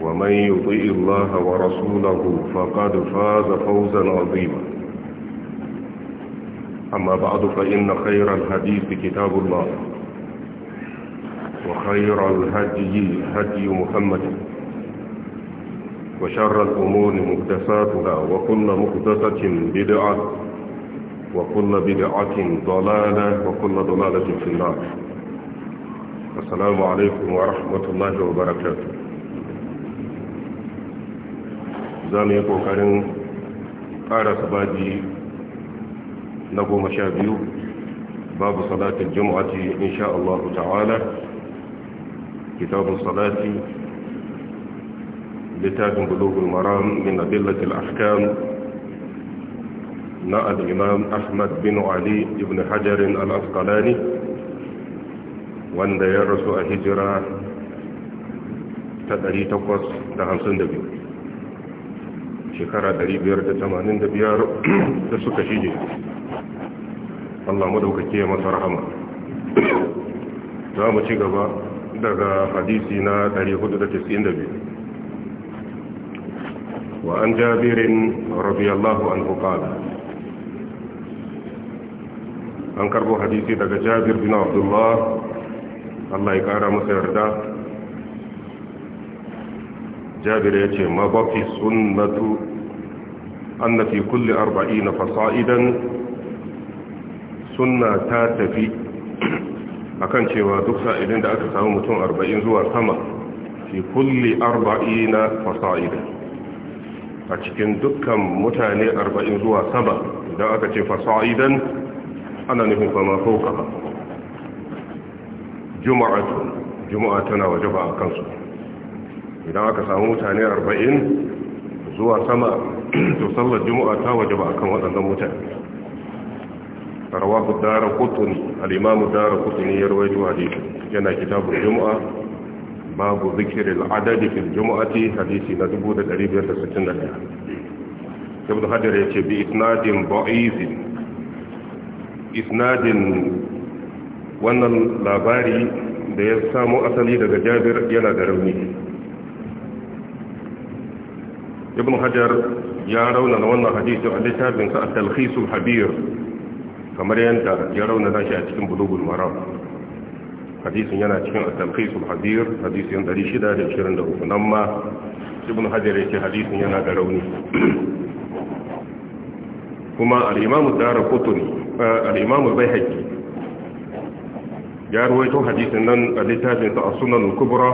ومن يطيء الله ورسوله فقد فاز فوزا عظيما أما بعد فإن خير الحديث كتاب الله وخير الهدي هدي محمد وشر الأمور مهدساتها وكل مهدسة بدعة وكل بدعة ضلالة وكل ضلالة في النار السلام عليكم ورحمة الله وبركاته za mu yi kokarin ƙara sababi na goma sha biyu babu salatin jum'ati insha Allah ta'ala kitabun salati littafin bulugul maram min adillatil ahkam na alimam Ahmad bin Ali ibn hajarin al wanda ya rasu a hijira ta 852 shekara 585 da suka shige Allah madaukake ya masa rahama za mu ci gaba daga hadisi na 492 wa an jabirin radiyallahu an qala an karbo hadisi daga jabir bin abdullah Allah ya kara masa yarda jabir ya ce mabaki sunnatu أن في كل أربعين فصائدا سنة تاتفي أكن شوى دكسا إذن دعك سامتون أربعين زوى سما في كل أربعين فصائدا أتكن دكا متاني أربعين زوى سما دعك شوى فصائدا أنا نفهم فما فوقها جمعة جمعة تنا وجبها كنسو idan aka samu mutane arba'in zuwa sama to sallar juma'a ta waje ba akan waɗannan mutane rawahu dara kutuni al-imamu dara kutuni ya rawaito hadisi yana kitabul juma'a babu zikirin adadi fil juma'ati hadisi na 1561 ibn hajar ya ce bi isnadin ba'izin isnadin wannan labari da ya samo asali daga jabir yana da rauni ibn hajar ya rauna raunana wannan hadisi a littafinsa a talhisul habir kamar yadda ya raunana shi a cikin bulugul maram hadisin yana cikin a talhisul habir hadisin 623 nan ma ibn hajar ya ce hadisin yana da rauni kuma al'imamu dara kutuni eh, al'imamu bai haƙi ya ruwaito hadisin nan a littafinsa a sunan kubra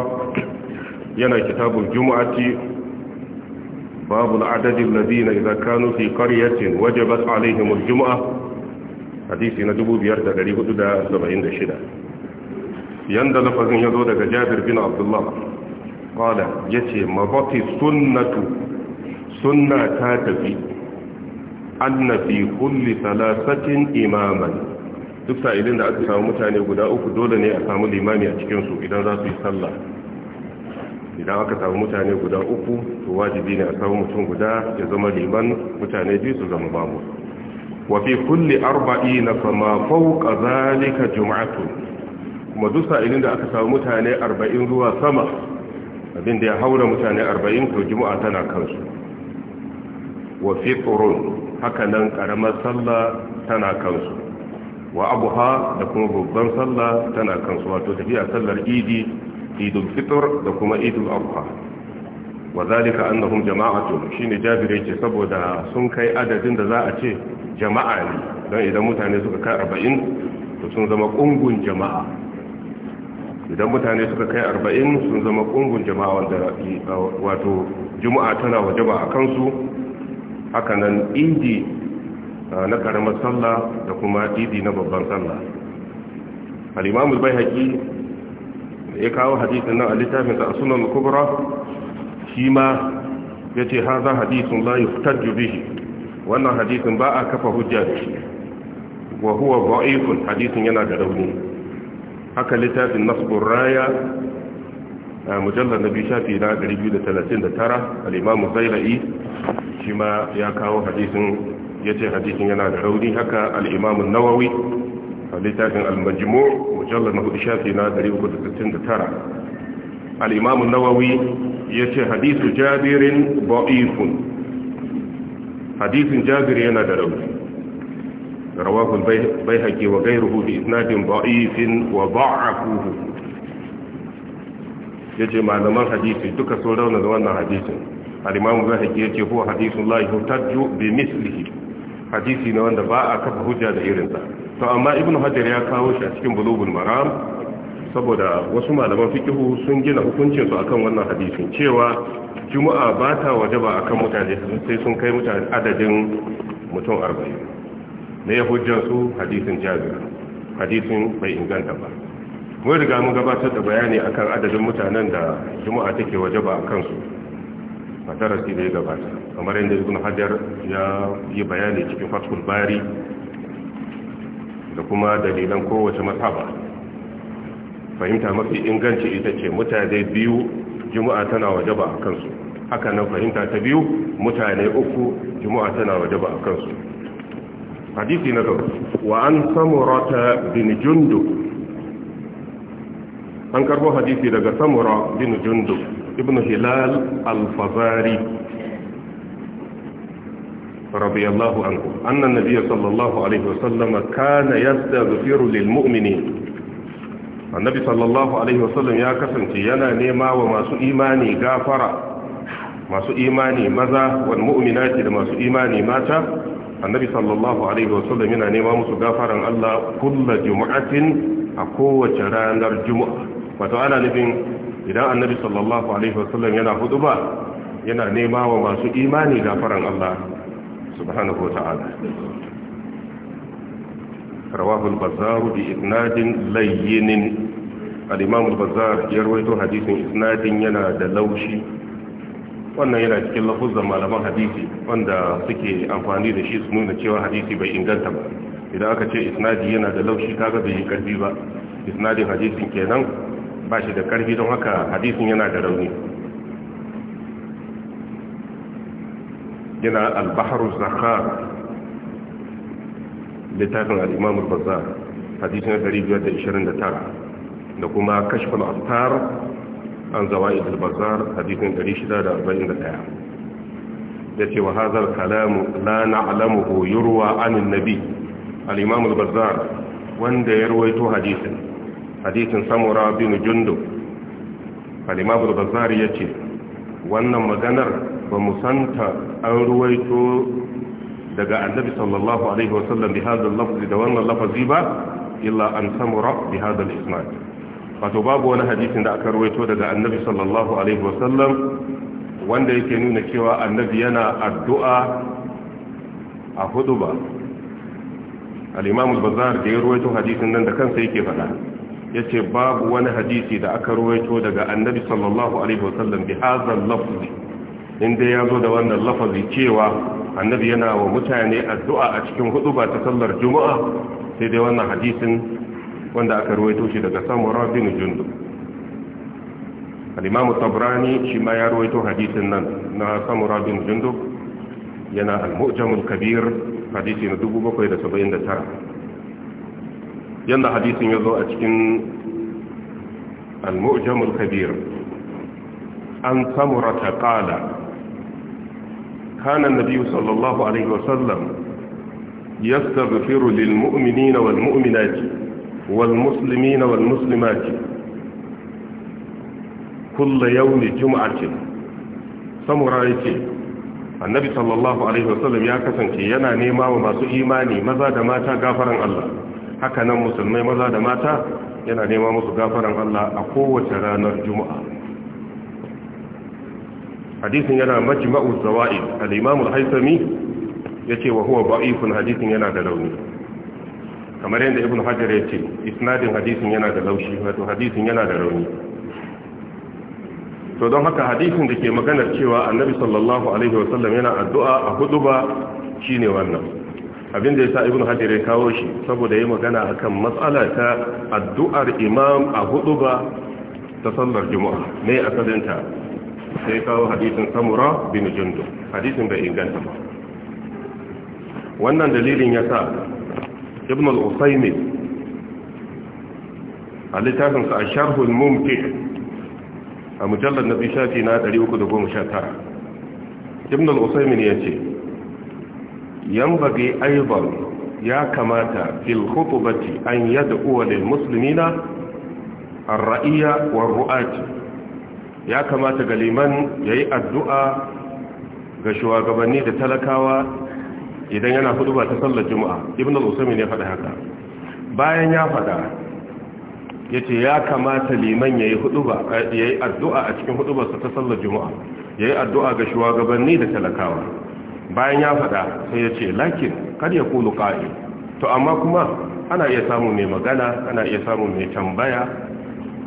yana kitabun juma'ati باب العدد الذين إذا كانوا في قرية وجبت عليهم الجمعة حديثي ندبو بيرد قريب دا سبعين دا شدا يند لفظ يزود جابر بن عبد الله قال يتي مضت السنة سنة تاتفي أن في كل ثلاثة إماما duk sa'ilin da aka samu mutane guda uku dole ne a samu limami a cikinsu idan za su yi sallah idan aka samu mutane guda uku to wajibi ne a samu mutum guda ya zama liman mutane biyu su zama babu wa fi kulli arba'ina fama fawqa zalika jum'atu kuma duk sa'ilin da aka samu mutane 40 zuwa sama abin da ya haura mutane 40 to juma'a tana kansu wa fi qurun haka nan karamar sallah tana kansu wa abuha da kuma babban sallah tana kansu wato tafiya sallar idi idul fitr da kuma idul adha wazalika zalika annahum jama'atun shine jabir yake saboda sun kai adadin da za a ce jama'a ne don idan mutane suka kai 40 to sun zama kungun jama'a idan mutane suka kai 40 sun zama kungun jama'a wanda wato juma'a tana wajaba a kansu haka nan idi ah, na karamar sallah da kuma idi na babban sallah al-imam al-baihaqi ya kawo hadisin nan a littafin da sunan kubra shi ma ya ce haza hadisin la yuhtajju bihi wannan hadisin ba a kafa hujja da shi wa huwa da'ifun hadisin yana da rauni haka littafin nasbur raya mujallar na biyu shafi na 239 al'imamu zairai shi ma ya kawo hadisin ya ce hadisin yana da rauni haka al'imamun nawawi littafin al-majmu' mujallal na hudu shafi na 369 al-imam an-nawawi yace hadithu jabirin da'ifun hadithun jabir yana da rauni bai wa gairu رواه البيهقي وغيره بإسناد ضعيف ya ce malaman hadisi duka sun rauna da wannan hadisin al-imamu ya ce huwa hadithun la yuhtaju bi mislihi hadisi na wanda ba a kafa hujja da irinsa to amma ibnu hajar ya kawo shi a cikin bulugul maram saboda wasu malaman fikihu sun gina hukuncin su akan wannan hadisin cewa juma'a ba ta wajaba akan mutane sai sun kai mutane adadin mutum 40 ne hujjar su hadisin jabir hadisin bai inganta ba mun riga mun gabatar da bayani akan adadin mutanen da juma'a take wajaba akan su a darasi da ya gabata kamar yadda ibn hajar ya yi bayani cikin fatul bari da kuma dalilan kowace masaba fahimta mafi inganci ita ce mutane biyu juma'a tana waje ba a kansu haka nan fahimta ta biyu mutane uku juma'a tana waje ba a kansu hadisi na gaba wa an ta bin Jundu? an karbo hadisi daga samura bin Jundu, ibn hilal al-fazari رضي الله عنه أن النبي صلى الله عليه وسلم كان يستغفر للمؤمنين النبي صلى الله عليه وسلم يا كسنتي ينا نيما وماسو إيماني غافرة ماسو إيماني مذا والمؤمنات لماسو إيماني ماتا النبي صلى الله عليه وسلم ينا نيما مسو غافرا الله كل جمعة أقوة رانا الجمعة وتعالى نبين إذا النبي صلى الله عليه وسلم ينا خطبا yana nema wa masu imani gafaran Allah subhanahu wa ta'ala رواه البزار بإسناد لين الإمام البزار يروي حديث إسناد ينا دلوشي wannan yana cikin lafuzan malaman hadisi wanda suke amfani da shi su nuna cewa hadisi bai inganta ba idan aka ce isnadi yana da laushi kaga bai yi karfi ba isnadin hadisin kenan ba shi da karfi don haka hadisin yana da rauni yana albaharu zakar littafin al'imamu bazar hadisi na 529 da kuma kashfal aftar an zawa idil bazar hadisin 641 ya ce wa hazar kalamu la na'lamuhu yurwa anin nabi al Bazar wanda ya ruwaito hadisin hadisin samura bin Jundu al Bazar ya ce wannan maganar ba musanta an ruwaito daga annabi sallallahu alaihi wasallam bi hadha lafzi da wannan lafazi ba illa an samura bi hadha al-isnad wato babu wani hadisin da aka ruwaito daga annabi sallallahu alaihi wasallam wanda yake nuna cewa annabi yana addu'a a huduba al-imam al-bazzar da ya ruwaito hadisin nan da kansa yake faɗa yace babu wani hadisi da aka ruwaito daga annabi sallallahu alaihi wasallam bi hadha al-lafzi in dai ya zo da wannan lafazi cewa annabi yana wa mutane addu'a a cikin hudu ba ta sallar juma'a sai dai wannan hadisin wanda aka ruwaito shi daga samun rabin jundu al'imamu tabrani shi ma ya ruwaito hadisin nan na samun rabin jundu yana al-mu'jamul kabir hadisi na 779 yanda hadisin ya zo a cikin al-mu'jamul kabir an samurata qala kana nabi sallallahu alaihi wasallam yastaghfiru lil mu'minina wal mu'minati wal muslimina wal muslimati kullu yawmi jum'atin samura yace annabi sallallahu alaihi wasallam ya kasance yana nema wa masu imani maza da mata gafaran Allah haka musulmai maza da mata yana nema musu gafaran Allah a kowace ranar juma'a hadisin yana majma'u zawaid al-imam al-haythami yace wa huwa da'ifun hadisin yana da rauni kamar yadda ibn hajar yace isnadin hadisin yana da laushi wato hadisin yana da rauni to don haka hadisin da ke maganar cewa annabi sallallahu alaihi wasallam yana addu'a a huduba shine wannan abin abinda yasa ibn hajar ya kawo shi saboda yayi magana akan matsala ta addu'ar imam a huduba ta sallar juma'a ne asalinta sai kawo hadisin samura bin jundu hadisin bai inganta ba wannan dalilin ya sa ibn al usaymi a littafinsa a sharhul mumki a mujallar na bishafi na 319 ibn al usaymi ya ce yan bage aibar ya kamata fil khutubati an yadda uwa lil musulmina wa ru'ati ya kamata ga liman ya yi addu'a ga shugabanni da talakawa idan yana hudu ba ta sallar juma'a ibn al ya ne faɗa haka bayan ya faɗa ya ce ya kamata liman ya yi addu'a a cikin hudu ba ta sallar juma'a ya yi addu'a ga shugabanni da talakawa bayan ya faɗa sai ya ce lakin kan ya kulu ƙa'i to amma kuma ana iya samu mai magana ana iya samu mai tambaya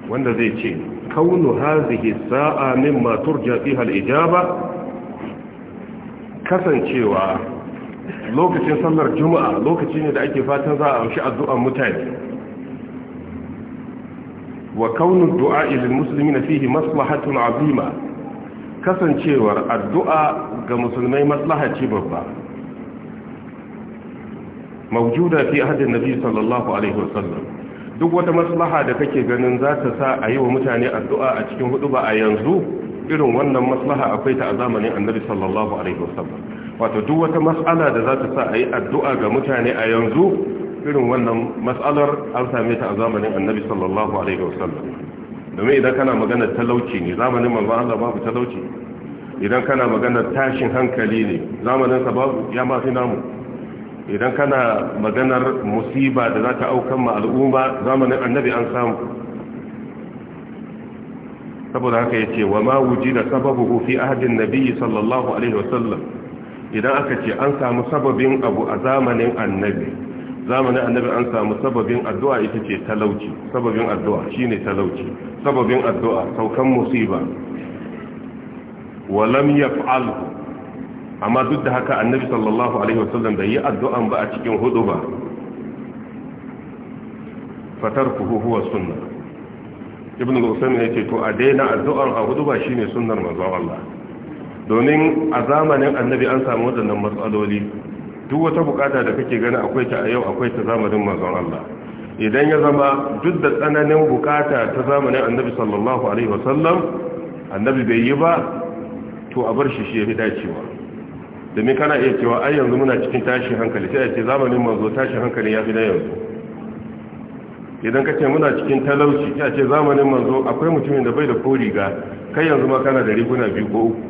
wanda zai ce kaunu hazihi sa'a mimma turja fiha al-ijaba kasancewa lokacin sallar juma'a lokaci ne da ake fatan za a amshi addu'an mutane wa kaunu du'a lil muslimin fihi maslahatun azima kasancewar addu'a ga musulmai maslaha ce babba Maujuda fi ahdin nabi sallallahu alaihi duk wata maslaha da kake ganin za ta sa a yi wa mutane addu'a a cikin hudu ba a yanzu irin wannan maslaha akwai ta a zamanin annabi sallallahu alaihi wasallam wato duk wata mas'ala da za ta sa a yi addu'a ga mutane a yanzu irin wannan mas'alar an same ta a zamanin annabi sallallahu alaihi wasallam domin idan kana magana talauci ne zamanin manzon Allah babu talauci idan kana magana tashin hankali ne zamanin sa babu ya ma fi namu idan kana maganar musiba da za ta aukan ma al'umma zamanin annabi an samu saboda haka ya ce wa ma wuji da sababu fi ahadin nabi sallallahu alaihi wasallam idan aka ce an samu sababin abu a zamanin annabi zamanin annabi an samu sababin addu'a ita ce talauci sababin addu'a shi ne talauci sababin addu'a saukan musiba wa lam yaf'alhu amma duk da haka annabi sallallahu alaihi wasallam bai yi addu'an ba a cikin hudu ba fatarkuhu huwa sunna ibn al-usaymin ce to a daina addu'an a hudu ba shine sunnar manzon Allah domin a zamanin annabi an samu wadannan matsaloli duk wata bukata da kake gani akwai ta a yau akwai ta zamanin manzon Allah idan ya zama duk da tsananin bukata ta zamanin annabi sallallahu alaihi wasallam annabi bai yi ba to a bar shi shi ya fi dacewa domin kana iya cewa ai yanzu muna cikin tashi hankali sai a ce zamanin manzo tashi hankali ya fi na yanzu idan ka ce muna cikin talauci sai a ce zamanin manzo akwai mutumin da bai da ko riga kai yanzu ma kana da riguna biyu ko uku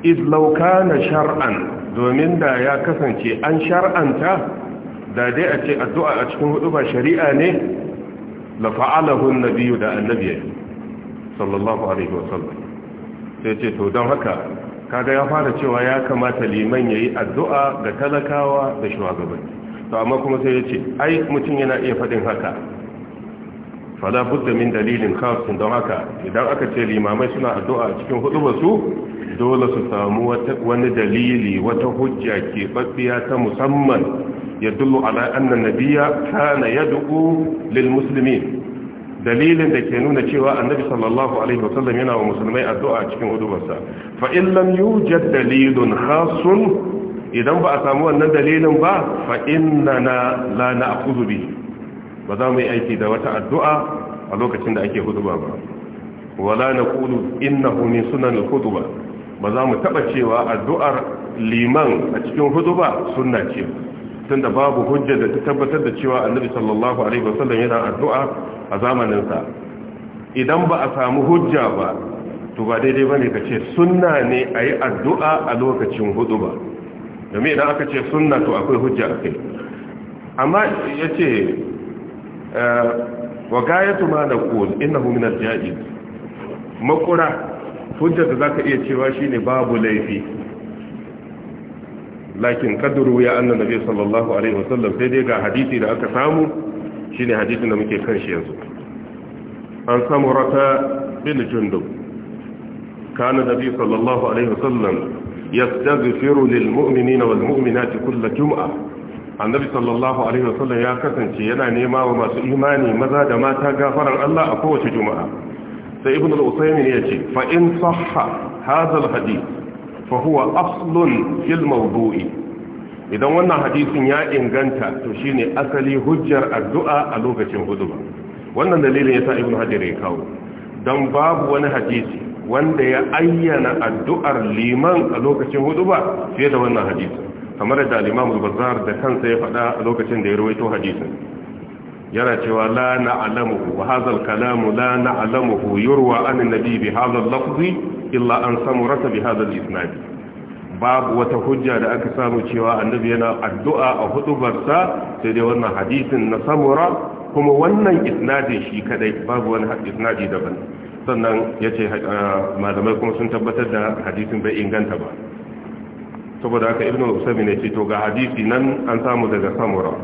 iz na shar'an domin da ya kasance an shar'anta da dai a ce addu'a a cikin hudu ba shari'a ne la fa'alahu an-nabiyyu da annabi sallallahu alaihi wasallam sai ce to don haka kaga ya fara cewa ya kamata liman ya yi addu'a ga talakawa da shugabanni to amma kuma sai ya ce ai mutum yana iya faɗin haka fala budda min dalilin khasin don haka idan aka ce limamai suna addu'a a cikin hudu su dole su samu wani dalili wata hujja ke ta musamman ya dullu ala annan nabiya kana yad'u lil muslimin dalilin da ke nuna cewa annabi sallallahu alaihi wasallam yana wa musulmai addu'a cikin udubarsa fa in lam yujad dalilun khasun idan ba a samu wannan dalilin ba fa innana la na'khudhu bi ba za mu yi aiki da wata addu'a a lokacin da ake huduba ba wala naqulu innahu min sunan al-khutba ba za mu taba cewa addu'ar liman a cikin huduba sunna ce tunda babu hujja da ta tabbatar da cewa annabi sallallahu alaihi wasallam yana addu'a a zamaninsa idan ba a samu hujja ba to ba daidai bane ka ce sunna ne a yi addu'a a lokacin hudu ba domin idan aka ce sunna to akwai hujja a kai amma ya ce eh, wa gayatu ma na ƙul innahu min al makura hujjar da zaka iya cewa shine babu laifi lakin kadru ya anna nabi sallallahu alaihi wasallam sai dai ga hadisi da aka samu shine hadisin da muke kanshi yanzu an samu samurata bin jundub kana nabi sallallahu alaihi wasallam yastaghfiru lil mu'minina wal mu'minati kull jum'a annabi sallallahu alaihi wasallam ya kasance yana nema wa masu imani maza da mata gafarar Allah a kowace juma'a sai ibn al-usaymin yace fa in sahha hadha al-hadith fa huwa aslun fil idan wannan hadisin ya inganta to shine asali hujjar addu'a a lokacin huduba wannan dalilin sa ibnu hajar ya kawo dan babu wani hadisi wanda ya ayyana addu'ar liman a lokacin hudu ba fiye da wannan hadisi kamar da al-imam al-bazzar da kansa ya faɗa a lokacin da ya rawaito hadisin yana cewa la na'lamuhu wa hadha al-kalam la na'lamuhu yurwa an an-nabi bi hadha al-lafzi illa an samu rasa bi hadal isnadi babu wata hujja da aka samu cewa annabi yana addu'a a hudubarsa sai dai wannan hadisin na samura kuma wannan isnadin shi kadai babu wani isnadi daban sannan ya ce eh, malamai kuma sun tabbatar da hadisin bai inganta ba saboda haka ibn usami ne ce to ga hadisi nan an samu daga samura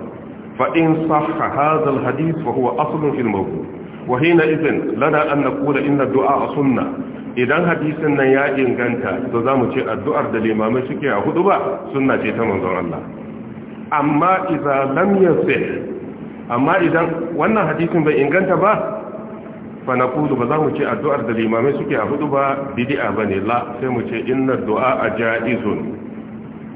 fa in sahha hadha al hadith fa huwa aslun fil mawdu' wahina izin lana an na kula inna du'a a sunna idan hadisin nan ya inganta to za mu ce addu'ar da limamai suke a hudu ba sunna ce ta manzon Allah amma idan lam yasih amma idan wannan hadisin bai inganta ba fa naqulu ba za mu ce addu'ar da limamai suke a hudu ba bid'a bane la sai mu ce inna du'a jaizun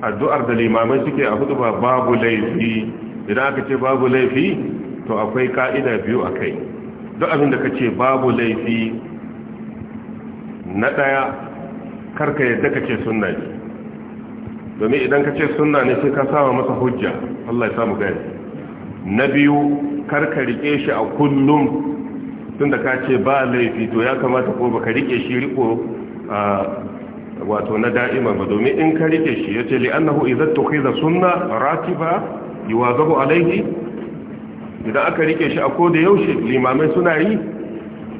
addu'ar da limamai suke a hudu ba babu laifi idan aka ce babu laifi to akwai ka'ida biyu akai duk abin da ka ce babu laifi na ɗaya karka yadda ka ce sunna ne domin idan ka ce sunna ne sai ka sama masa hujja Allah ya samu gani na biyu karka rike shi a kullum tun da ka ce ba laifi to ya kamata ko baka rike shi riko wato na da'ima ba domin in ka rike shi ya ce li'annahu idza da sunna ratiba yuwazabu alayhi idan aka rike shi a koda yaushe limamai suna yi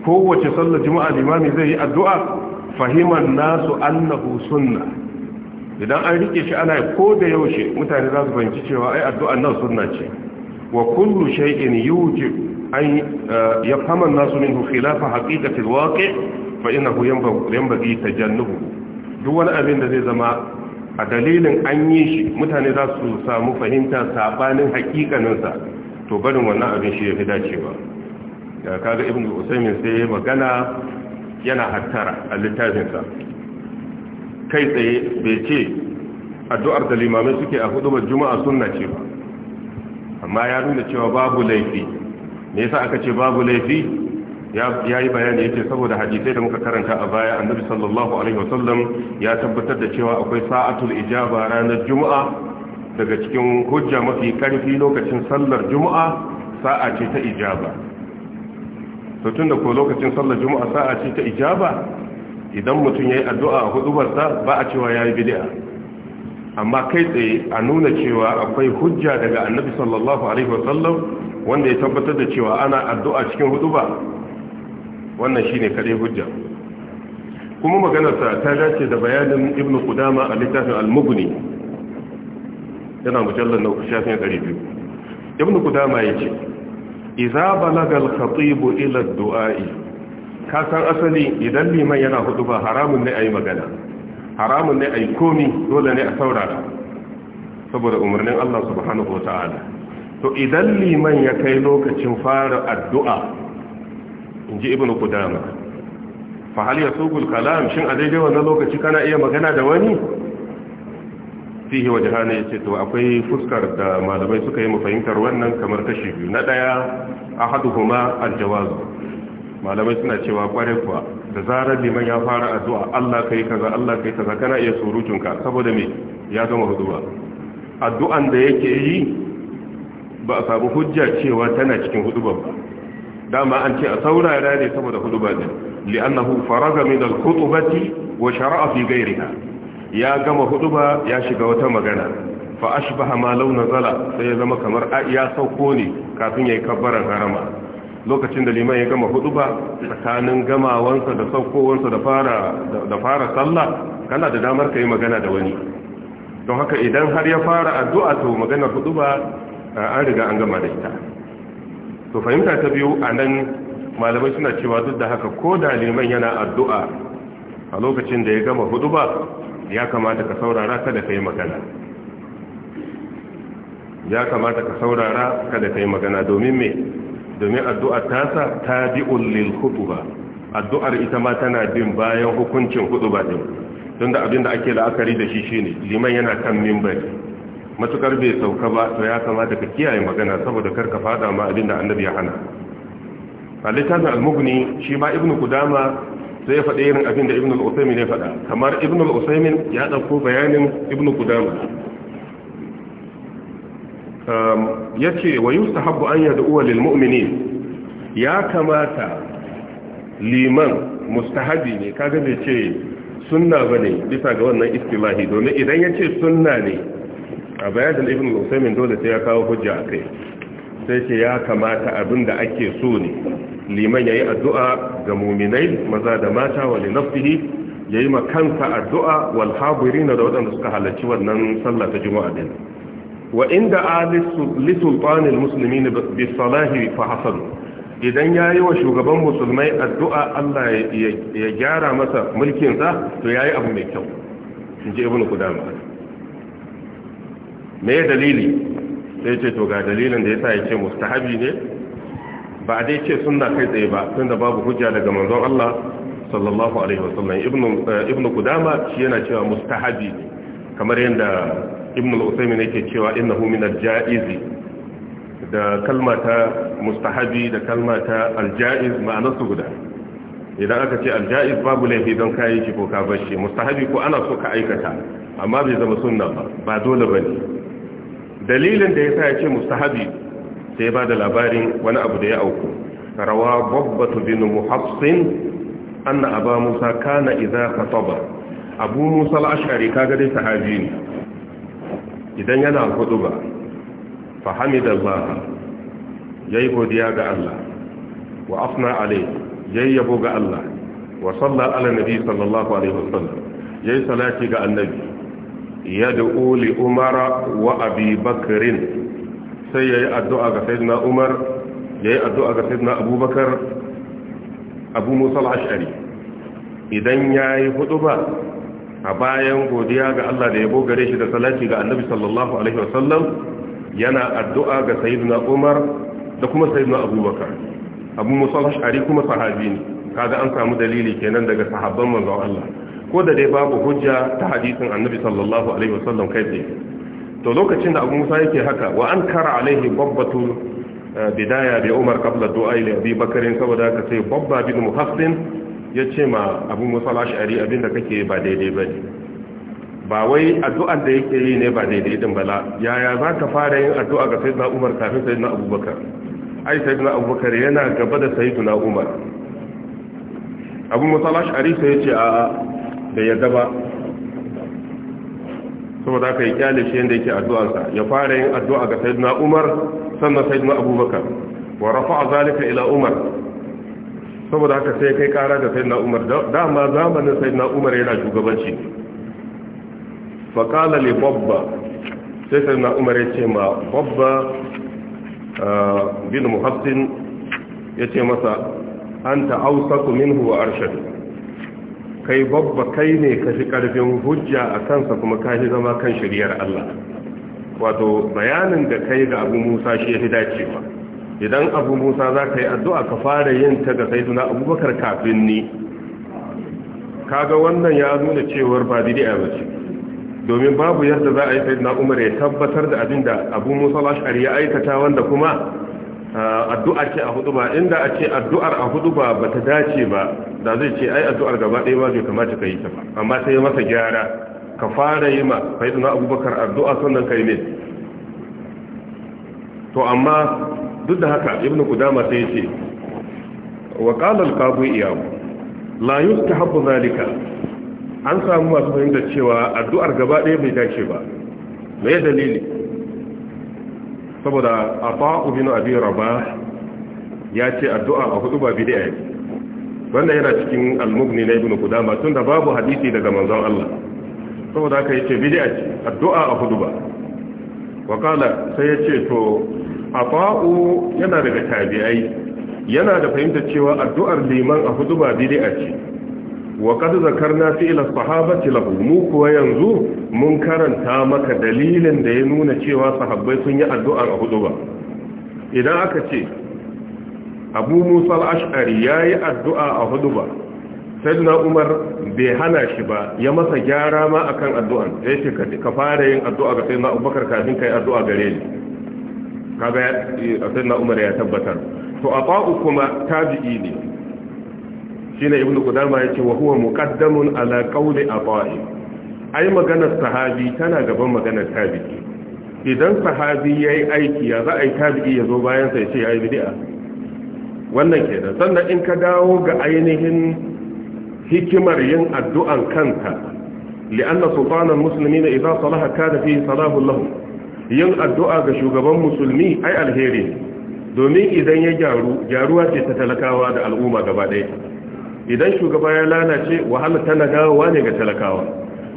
kowace sallar juma'a limami zai yi addu'a fahiman nasu annahu sunna idan an rike shi ana koda yaushe mutane za su fahimci cewa ai addu'a nan sunna ce wa kullu shay'in yujib ay eh, yafhama an-nasu minhu khilafa haqiqati al-waqi' fa innahu yanbaghi tajannuhu duk wani abin da zai zama a dalilin an yi shi mutane za su samu fahimta sabanin haƙiƙaninsa. to barin wannan abin shi ya fi dacewa da kaga ibn usaimin sai magana yana hattara a littafinsa kai tsaye bai ce addu'ar da limamai suke a hudubar juma'a sunna ce ba amma ya nuna cewa babu laifi me yasa aka ce babu laifi ya yi bayani yace saboda hadisai da muka karanta a baya annabi sallallahu alaihi wasallam ya tabbatar da cewa akwai sa'atul ijaba ranar juma'a daga cikin hujja mafi karfi lokacin sallar juma'a sa'a ce ta ijaba to tunda ko lokacin sallar juma'a sa'a ce ta ijaba idan mutum yayi addu'a a hudubarsa ba a cewa yayi bid'a amma kai tsaye a nuna cewa akwai hujja daga annabi sallallahu alaihi wasallam wanda ya tabbatar da cewa ana addu'a cikin huduba wannan shine kadai hujja kuma maganarsa ta dace da bayanin ibnu qudama a littafin al-mughni yana mujallar na shafin biyu ibn kudama ya ce iza balagal khatibu ila du'a'i ka san asali idan liman yana hudu ba haramun ne a yi magana haramun ne a yi komi dole ne a saurara saboda umarnin Allah subhanahu wataala to idan liman ya kai lokacin fara addu'a In ji ibn kudama fa hal kalam shin a daidai wannan lokaci kana iya magana da wani fihi waje hana ya ce to akwai fuskar da malamai suka yi mafahimtar wannan kamar kashi biyu na ɗaya a haɗu kuma aljawazu malamai suna cewa ƙwarai kuwa da zarar liman ya fara addu'a Allah kai kaza Allah kai kaza kana iya surutunka saboda me ya gama huduwa addu'an da yake yi ba a samu hujja cewa tana cikin huduba ba dama an ce a saurara ne saboda huduba din li'annahu faraga min al-khutbati wa shara'a fi ghayriha ya gama huɗuba ya shiga wata magana fa ashbaha ma launa zala sai ya zama kamar ya sauko ne kafin yayi kabbaran harama lokacin da liman ya gama ba tsakanin gamawansa da saukowansa da fara da fara sallah kana da damar kai magana da wani don haka idan har ya fara addu'a to magana maganar ba an riga an gama da ita to fahimta ta biyu anan malamai suna cewa duk da haka ko da liman yana addu'a a lokacin da ya gama huɗuba. ya kamata ka saurara kada ka yi magana ya kamata ka saurara kada ka yi magana domin me domin addu'ar tasa ta bi lil hutuba addu'ar ita ma tana bin bayan hukuncin hutuba din don da abinda ake la'akari da shi shine liman yana kan mimbar matukar bai sauka ba to ya kamata ka kiyaye magana saboda kar ka fada ma abinda annabi ya hana a littafin al-mughni shi ma ibnu kudama sai ya faɗi irin abin da ibn al-usaymin ya faɗa kamar ibn al ya ɗauko bayanin ibnu qudama um, ya ce wa yustahabbu an yad'uwa lil mu'minin ya kamata liman mustahabi ne kaga bai ce sunna bane bisa ga wannan istilahi domin idan ya ce sunna ne a bayanin ibn al dole sai ya kawo hujja kai sai ce ya kamata abin da ake so ne liman yayi addu'a ga mu'minai maza da mata wa li nafsihi yayi makansa addu'a wal na da waɗanda suka halarci wannan sallah ta juma'a din wa inda alisu li sultanil muslimin bi salahi fa hasan idan yayi wa shugaban musulmai addu'a Allah ya gyara masa mulkinsa sa to yayi abu mai kyau inji ibn kudama me dalili sai ce to ga dalilin da yasa ce mustahabi ne ba a dai ce sunna kai tsaye ba tunda babu hujja daga manzon Allah sallallahu alaihi wasallam ibnu eh, ibnu kudama shi yana cewa mustahabi kamar yanda ibnu al-usaymin yake cewa innahu min al-ja'iz da kalmata mustahabi da kalmata al-ja'iz su guda idan aka ce al-ja'iz babu laifi don kayi shi ko ka bashi mustahabi ko ana so ka aikata amma bai zama sunna ba ba dole bane dalilin da yasa ya ce mustahabi sai ba da labarin wani abu da ya auku rawa babbatu bin muhassin anna aba musa kana idza khataba abu musa al-ash'ari kaga dai sahabi ne idan yana huduba fa hamidallah yayi godiya ga Allah wa afna alayhi yayi yabo ga Allah wa salla ala nabi sallallahu alaihi wasallam yayi salati ga annabi yad'u li umara wa abi bakrin sai ya yi addu'a ga sayyidina umar ya yi addu'a ga sayyidina abubakar abu musa al'ashari idan ya yi hudu ba a bayan godiya ga allah da ya bogare shi da salati ga annabi sallallahu alaihi wasallam yana addu'a ga sayyidina umar da kuma sayyidina abubakar abu musa al'ashari kuma sahabi ne kaga an samu dalili kenan daga sahabban manzon allah ko da dai babu hujja ta hadisin annabi sallallahu alaihi wasallam kai tsaye to lokacin da abu musa yake haka wa an kara alaihi babbatu eh, bidaya bi umar qabla du'a ila abi bakarin saboda haka sai babba bin muhaddin ya ce ma abu musa al-ash'ari abinda kake ba daidai ba ne. ba wai addu'ar da yake yi ne ba daidai din bala yaya zaka fara yin addu'a ga sayyidina umar kafin sayyidina abubakar ai sayyidina abubakar yana gaba da sayyidina umar abu musa al-ash'ari sai ya ce a da ya gaba saboda aka yi kyale shi yanda yake addu'arsa ya fara yin addu'a ga sayyidina Umar sannan sayyidina Abubakar wa rafa'a zalika ila Umar saboda aka sai kai kara ga sayyidina Umar dama zamanin sayyidina Umar yana shugabanci fa qala li babba sai sayyidina Umar ya ce ma babba ah, bin muhassin ya ce masa an anta awsaqu minhu wa arshadu kai babba kai ne ka fi karfin hujja a kansa kuma ka shi zama kan shiriyar Allah wato bayanin da kai ga abu musa shi ya fi dacewa idan abu musa za ka yi addu'a ka fara yin ta ga na abubakar kafin ni kaga wannan ya nuna cewar ba didi a ce domin babu yadda za a yi na umar ya tabbatar da abin da abu musa lashari ya aikata wanda kuma addu'a ce a hudu ba inda a ce addu'ar a hudu ba bata dace ba da zai ce ai addu'ar gaba ɗaya ba zai kamata ka yi ta ba amma sai masa gyara ka fara yi ma yi suna abubakar addu'a sannan kai ne to amma duk da haka ibn kudama sai ya ce wa qalal qabu iyahu la yustahabbu zalika an samu masu fahimtar cewa addu'ar gaba ɗaya bai dace ba me dalili saboda afa binu abi raba ya ce addu'a a hudu ba bid'a ne wannan yana cikin almugni na ibn tun da babu hadisi daga manzan Allah saboda aka yi ce bid'a ce addu'a a hudu ba Wakala sai ya ce to afa'u yana daga tabi'ai yana da fahimtar cewa addu'ar liman a hudu ba bid'a ce wa kada zakarna ila sahabati lahu mu kuwa yanzu mun karanta maka dalilin da ya nuna cewa sahabbai sun yi addu'a a hudu ba idan aka ce abu musa al-ash'ari yayi addu'a a hudu ba na umar bai hana shi ba ya masa gyara ma akan addu'an sai ce ka fara yin addu'a ga sayyidina abubakar kafin kai addu'a gare ni kaga eh, na umar ya tabbatar to a ba'u kuma tabi'i ne shine ibnu qudama yace wa huwa muqaddamun ala qawli aba'i ai maganar sahabi tana gaban maganar tabi'i idan sahabi yayi aiki ya za a tabi'i ya zo bayan sa yace yayi bid'a wannan kenan sannan in ka dawo ga ainihin hikimar yin addu'an kanta li'anna sultanan muslimina idza salaha kana fihi salahu lahum yin addu'a ga shugaban musulmi ai alheri domin idan ya gyaru gyaruwa ce ta talakawa da al'umma gaba ɗaya idan shugaba ya lalace wahala tana dawowa ne ga talakawa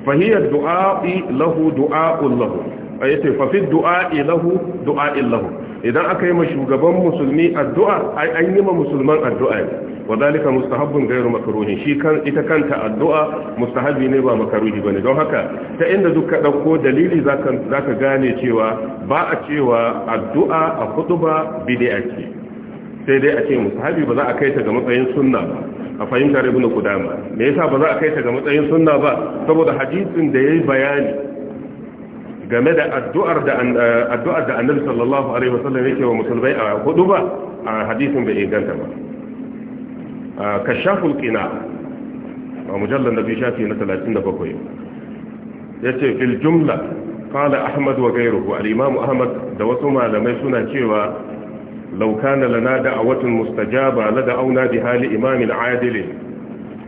fahiyar du'a'i lahu du'a'un lahu a yace fafi du'a'i lahu du'a'in lahu idan aka yi ma shugaban musulmi addu'a ai an yi ma musulman addu'a ne wadalika mustahabbun gairu makaruhi shi kan ita kanta addu'a mustahabi ne ba makaruhi bane don haka ta inda duk ka dauko dalili zaka zaka gane cewa ba a cewa addu'a a khutba bid'a ce sai dai a ce mustahabi ba za a kai ta ga matsayin sunna ba a fahimtar ibn kudama me yasa ba za a kai ta ga matsayin sunna ba saboda hadisin da yayi bayani game da addu'ar da eh, addu'ar da annabi sallallahu alaihi wasallam yake wa musulmai a hudu ba a hadisin bai inganta ba kashaful qina a mujallal nabi shafi na 37 yace fil jumla qala ahmad wa ghayruhu al imam ahmad da wasu malamai suna cewa law kana lana da'awatun mustajaba la da'awna biha li imamil adil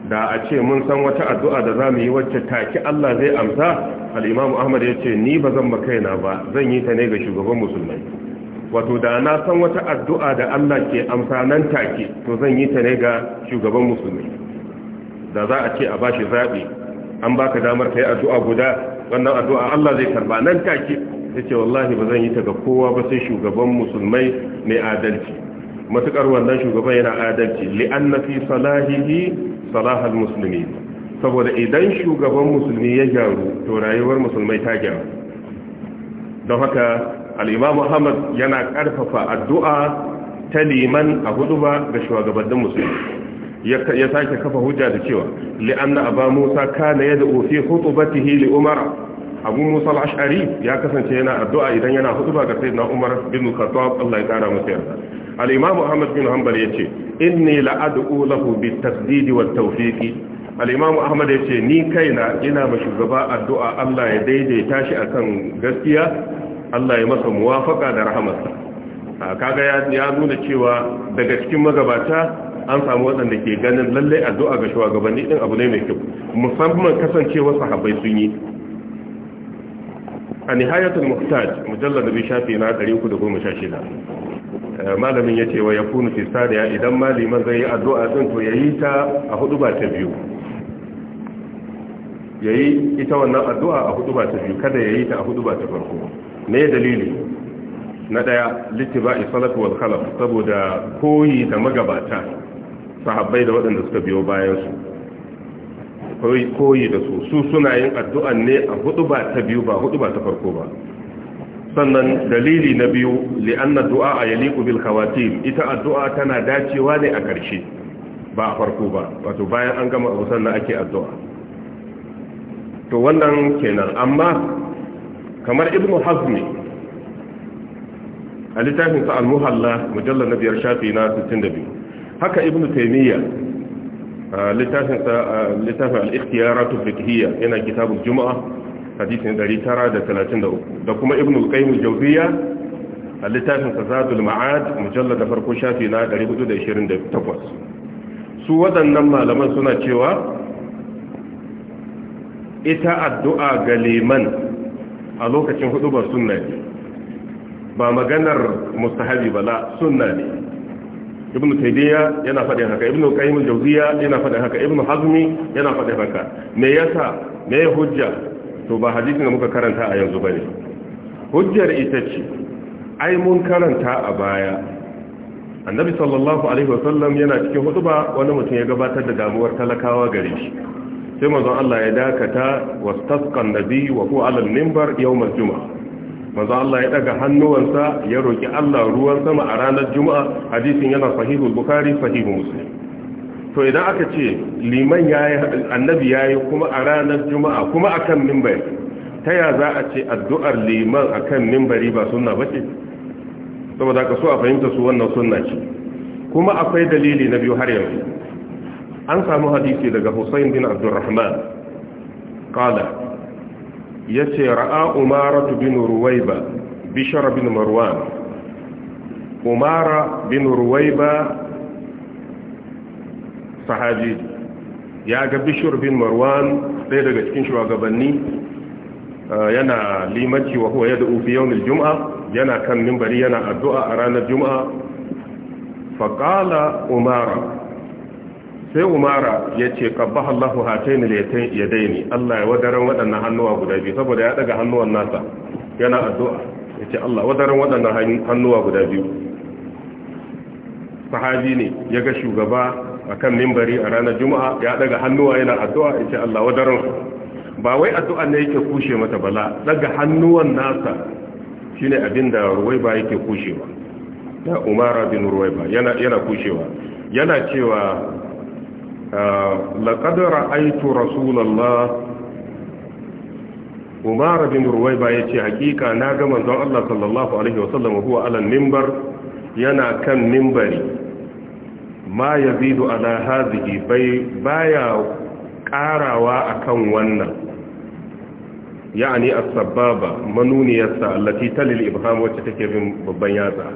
da a ce mun san wata addu'a da zamu yi wacce take Allah zai amsa al-imamu ya ce ni bazan makaina ba zan yi ta ne ga shugaban musulmai wato da na san wata addu'a da Allah ke amsa nan take to zan yi ta ne ga shugaban musulmai da za a ce a bashi zabi an baka damar kai addu'a guda wannan addu'a Allah zai karba nan ta ce wallahi ba zan yi ta ga kowa ba sai shugaban musulmai mai adalci matukar wannan shugaban yana adalci li'anna fi salahihi salahal musulmi saboda idan shugaban musulmi ya gyaru to rayuwar musulmai ta gyaru don haka al-imam Muhammad yana karfafa addu'a ta liman a huduba ga shugabannin musulmi ya sake kafa hujja da cewa li'anna aba musa kana yad'u fi khutbatihi li umar abu musa al'ashari ya kasance yana addu'a idan yana ba ga sayyidina umar bin khattab Allah ya kara masa yarda al ahmad bin hanbal yace ne la'ad'u lahu bit-tasdid wat-tawfiq al-imam ahmad yace ni kaina ina ma shugaba addu'a Allah ya daidaita shi akan gaskiya Allah ya masa muwafaka da rahamarsa kaga ya nuna cewa daga cikin magabata an samu waɗanda ke ganin lallai addu'a ga shugabanni ɗin abu ne mai kyau musamman kasancewa sahabbai sun yi a nihayatul muhtaj mujallal bi shafi na 316 eh, malamin yace wa yakunu fi sadiya idan maliman zai yi addu'a din to yayi ta a hudu ba ta biyu yayi ita wannan addu'a a hudu ba ta biyu kada yayi ta a hudu ba ta farko me dalili na daya litiba'i salatu wal khalaf saboda koyi da magabata sahabbai da waɗanda suka biyo bayan su koyi da su su suna yin addu'an ne a hudu ba ta biyu ba hudu ba ta farko ba sannan dalili na biyu li'anna du'a a yaliku bil khawatim ita addu'a tana dacewa ne a karshe ba a farko ba wato bayan an gama abu sannan ake addu'a to wannan kenan amma kamar ibnu hazmi a littafinsa al-muhalla mujallar na biyar shafi na 62 haka ibnu taymiyyah littafin al-ikhtiyaratu fiqhiyya yana kitabul juma'a hadisin 933 da kuma ibn al-qayyim al-jawziyya a littafin zadul ma'ad mujallar da farko shafi na 428 su waɗannan malaman suna cewa ita addu'a ga liman a lokacin hudu ba sunna ne ba maganar mustahabi bala sunna ne ibnu taydiya yana faɗin haka ibnu qayyim al-jawziya yana faɗin haka ibnu hazmi yana faɗin haka me yasa me hujja to ba hadisin da muka karanta a yanzu bane hujjar ita ce ai mun karanta a baya annabi sallallahu alaihi wasallam yana cikin hutuba wani mutum ya gabatar da damuwar talakawa gare shi sai manzon Allah ya dakata wastasqa an-nabi wa huwa ala al-minbar yawm al-jum'ah manzo Allah ya daga hannuwansa ya roki Allah ruwan sama a ranar juma'a hadisin yana sahihul bukhari sahihul muslim to idan aka ce liman yayi annabi yayi kuma a ranar juma'a kuma akan minbari ta ya za a ce addu'ar liman akan minbari ba sunna bace saboda ka so a fahimta su wannan sunna ce kuma akwai dalili na biyu har yanzu an samu hadisi daga Husayn bin Abdurrahman qala yace ra'a umara bin ruwayba bishara bin marwan umara bin ruwayba sahabi ya ga bishir bin marwan ɗaya daga cikin shugabanni yana limaci wa huwa yad'u fi yaunin juma'a yana kan minbari yana addu'a a ranar jum'a fa qala umara sai umara ya ce ƙabba allahu hatayin ya daini allah ya wadaran waɗannan hannuwa guda biyu saboda ya ɗaga hannuwan nasa yana addu'a ya ce allah wadaran waɗannan hannuwa guda biyu sahabi ne ya ga shugaba a kan mimbari a ranar juma'a ya ɗaga hannuwa yana addu'a ya ce allah wadaran ba wai addu'a ne yake kushe mata bala ɗaga hannuwan nasa shine abin da ruwaiba yake kushewa ya umara bin ruwaiba yana kushewa yana cewa laqad ra'aytu rasulullah Umar bin ya ce hakika na ga manzon Allah sallallahu alaihi wasallam huwa ala mimbar yana kan mimbari ma yazidu ala hadhihi bai baya karawa akan wannan yani as-sababa manuniyarsa allati talil ibham wacce take bin babban yatsa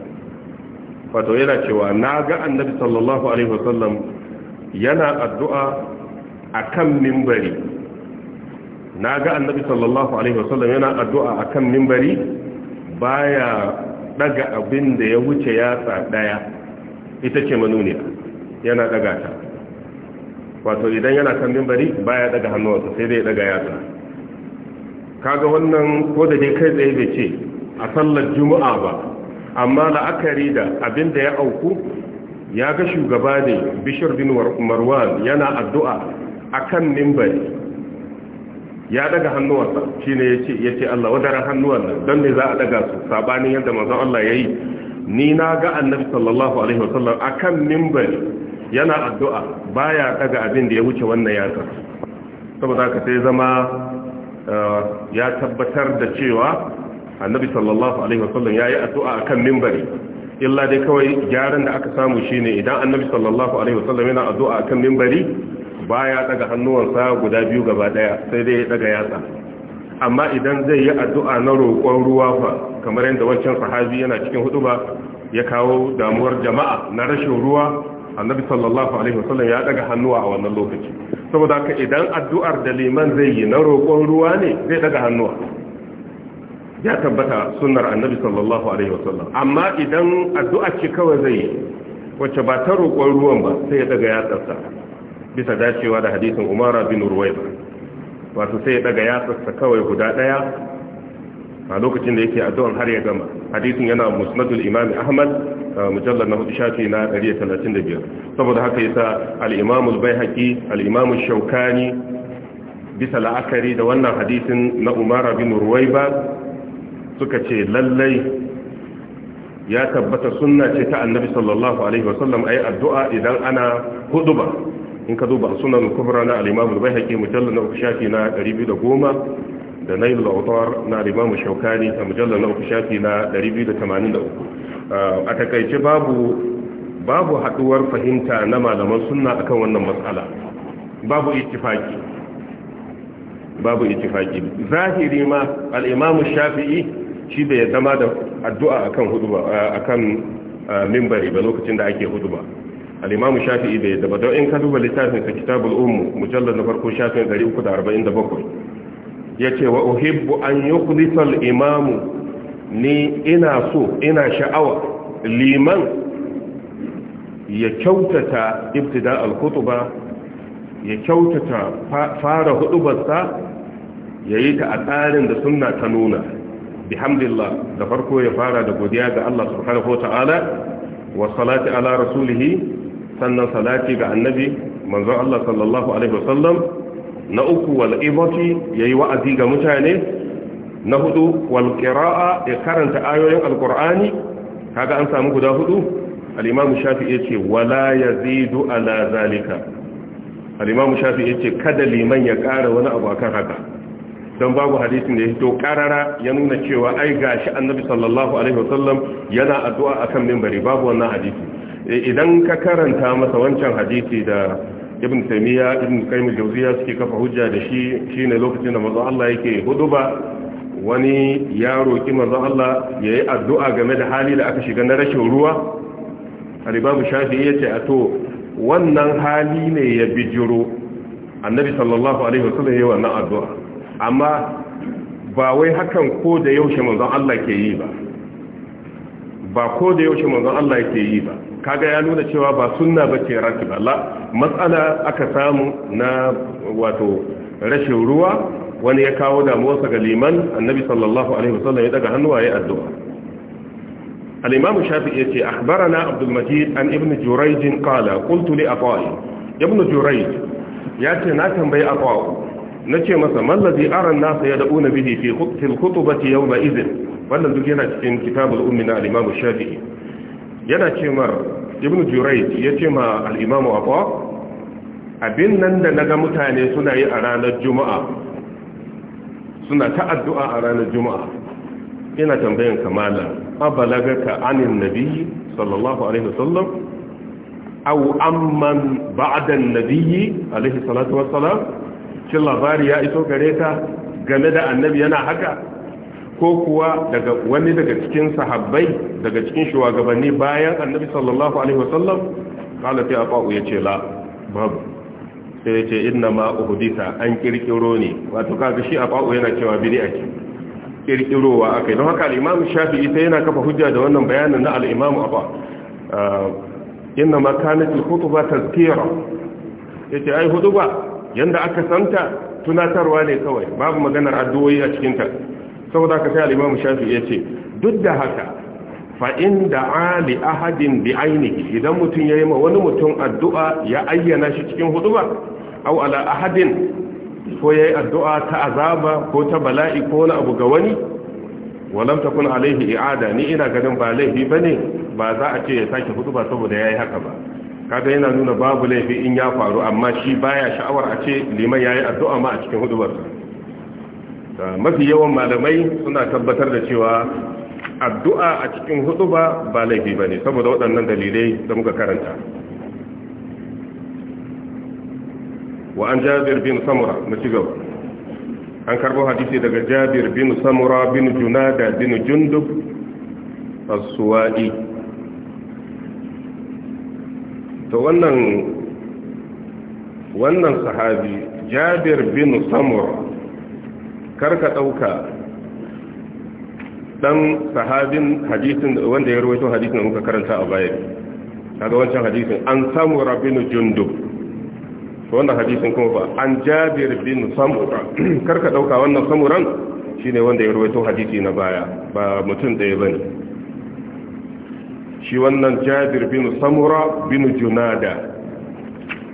wato yana cewa na ga annabi sallallahu alaihi wasallam yana addu'a a kan mimbari na ga annabi sallallahu alaihi wasallam yana addu'a a kan mimbari baya daga abin da ya wuce yatsa daya ita ce manuniya yana daga ta wato idan yana kan mimbari baya daga hannuwarsa sai dai daga yatsa kaga wannan ko da dai kai tsaye bai ce a sallar juma'a ba amma la'akari da abin da ya auku ya ga shugaba ne bishir bin marwan yana addu'a a kan mimbari ya daga hannuwarsa shi ne ya ce Allah wadara hannuwan nan don ne za a daga su sabanin yadda mazan Allah ya yi ni na ga annabi sallallahu alaihi wasallam a kan mimbari yana addu'a ba ya daga abin da ya wuce wannan yasa saboda ka sai zama uh, ya tabbatar da cewa annabi sallallahu alaihi wasallam ya yi addu'a a kan mimbari illa dai kawai gyaran da aka samu shine idan annabi sallallahu alaihi wasallam yana addu'a kan minbari baya daga hannuwansa guda biyu gaba daya sai dai ya daga yatsa amma idan zai yi addu'a na roƙon ruwa fa kamar yadda wancan sahabi yana cikin huduba ya kawo damuwar jama'a na rashin ruwa annabi sallallahu alaihi wasallam ya daga hannuwa a wannan lokaci saboda haka idan addu'ar da liman zai yi na roƙon ruwa ne zai daga hannuwa ya tabbata sunnar annabi sallallahu alaihi wasallam amma idan addu'a ce kawai zai wacce ba ta roƙon ruwan ba sai ya daga yatsarsa bisa dacewa da hadisin umara bin ruwaiba wato sai ya daga yatsarsa kawai guda daya a lokacin da yake addu'an har ya gama hadisin yana musnadul imam ahmad mujallar na hudu shafi na 135 saboda haka yasa al-imam al-baihaqi al-imam shaukani bisa la'akari da wannan hadisin na umara bin ruwaiba suka ce lallai ya tabbata sunna ce ta annabi sallallahu alaihi wasallam ai addu'a idan ana huduba in ka duba sunan kubra na al-imam al-baihaqi mujallal na uku shafi na 210 da nailul awtar na al-imam shaukani a mujallal na uku shafi na 283 a takaice babu babu haduwar fahimta na malaman sunna akan wannan matsala babu ittifaki babu ittifaki zahiri ma al-imam shafi'i shi bai yadda ma da addu'a akan huduba akan eh, ba lokacin da ake hudu ba. Alimamu shafi'i bai yadda ba don in ka duba littafin sa kitabul umm mujallad na farko shafin 347 ce wa uhibbu an yi al-imamu ni ina so ina sha'awa liman ya kyautata ibtida al ba, ya kyautata fara hudubarsa yayi ta a tsarin da sunna ta nuna bihamdillah da farko ya fara da godiya ga Allah subhanahu wata'ala wa salati ala rasulihi sannan salati ga annabi manzon Allah sallallahu alaihi wasallam na uku wal ibati yayi wa'azi ga mutane na hudu wal qira'a ya karanta ayoyin alqur'ani kaga an samu guda hudu al-imam shafi'i yace wala yazidu ala zalika al-imam shafi'i yace kada liman ya kara wani abu akan haka don babu hadisin da ya fito karara ya nuna cewa ai gashi annabi sallallahu alaihi wasallam yana addu'a akan minbari babu wannan hadisi eh, idan ka karanta masa wancan hadisi da ibn taymiya ibn qayyim al-jawziya suke kafa hujja da shi shine lokacin da manzo Allah yake huduba wani ya roki manzo Allah yayi addu'a game da hali da aka shiga na rashin ruwa al shafi shafi'i ce a to wannan hali ne ya bijiro annabi sallallahu alaihi wasallam yayi wannan addu'a amma ba wai hakan ko da yaushe manzon Allah ke yi ba ba ko da yaushe manzon Allah ke yi ba kaga ya nuna cewa ba sunna bace ratiba Allah matsala aka samu na wato rashin ruwa wani ya kawo damuwarsa ga liman annabi sallallahu alaihi wasallam ya daga hannuwa ya addu'a al-imam shafi'i yace akhbarana abdul majid an ibn jurayj qala qultu li ata'i ibn jurayj yace na tambayi ata'u Na ce masa mallazi aran nasa ya da'una bihi fi khutbil yau yawma izin. wannan duk yana cikin kitabul ummi na al-imam shafi'i yana ce mar ibn jurayj ya ce ma al-imam afa abin nan da naga mutane suna yi a ranar juma'a suna ta addu'a a ranar juma'a ina tambayan kamala abalagaka anin nabiyyi sallallahu alaihi wasallam aw amman ba'da an-nabiyyi alaihi salatu wassalam shin labari ya iso gare ta game da annabi yana haka ko kuwa daga wani daga cikin sahabbai daga cikin shugabanni bayan annabi sallallahu alaihi wasallam kala fi afa'u yace la babu sai yace inna ma uhdisa an kirkiro ne wato kaga shi afa'u yana cewa bid'a ce kirkirowa akai don haka al-imam shafi'i sai yana kafa hujja da wannan bayanin na al-imam afa inna ma kanat al-khutba tazkira yace ai huduba yanda aka santa tunatarwa ne kawai babu maganar addu'o'i a cikinta saboda ka sai al shafi ya ce. duk da haka fa inda ali ahadin bi ainihi idan mutun yayi ma wani mutum addu'a ya ayyana shi cikin huduba aw ala ahadin ko yayi addu'a ta azaba ko ta bala'i ko na abu ga wani walam takun alaihi i'ada ni ina ganin ba laifi bane ba za a ce ya sake huduba saboda yayi haka ba kaga yana nuna babu laifi in ya faru amma shi baya sha'awar a ce liman yayi addu'a ma a cikin da mafi yawan malamai suna tabbatar da cewa addu'a a cikin huduba ba laifi bane saboda waɗannan dalilai da muka karanta wa an jabir bin samura na ci gaba an karbo hadisi daga jabir bin samura bin junada bin jundub as-suwa'i to wannan wannan sahabi jabir bin samur karka ɗauka dan sahabin hadisin wanda ya rawaito hadisin da muka karanta a baya kaga wancan hadisin an samu bin jundub to wannan hadisin kuma ba an jabir bin samura karka dauka wannan samuran shine wanda ya rawaito hadisi na baya ba mutum ba ne. shi wannan jabir bin samura bin junada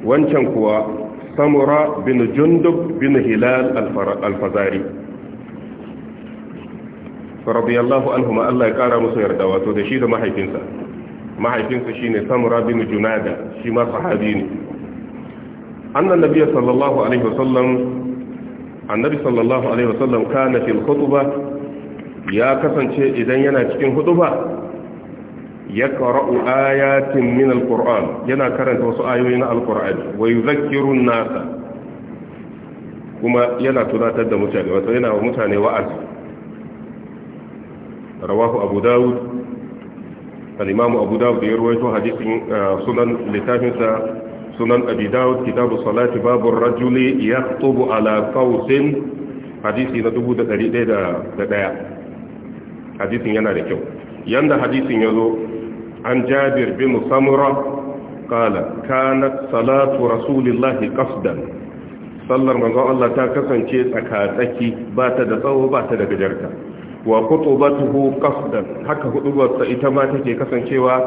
wancan kuwa samura bin jundub bin hilal alfazari radiyallahu ma Allah ya kara musu yarda wato da shi da mahaifinsa mahaifinsa shine samura bin junada shi ma sahabi ne annan nabiyyi sallallahu alaihi wasallam annabi sallallahu alaihi wasallam kana fil khutbah ya kasance idan yana cikin hutuba yaqra'u ayatin min alquran yana karanta wasu ayoyi na alqur'ani wa yuzakkiru an-nasa kuma yana tunatar da mutane wato yana mutane wa'azi rawahu abu daud al abu daud ya rawaito hadisin uh, sunan litafinsa sunan abi kitabu salati babu rajuli yaqtubu ala qawsin hadisi na 1101 da hadisin ya zo عن جابر بن سمرة قال كانت صلاة رسول الله قصدا صلى رمضان الله تاكسن شيء أكاتكي بات دقوه بات دقجرتا وخطبته قصدا حكا خطبة إتماتك كسن شيء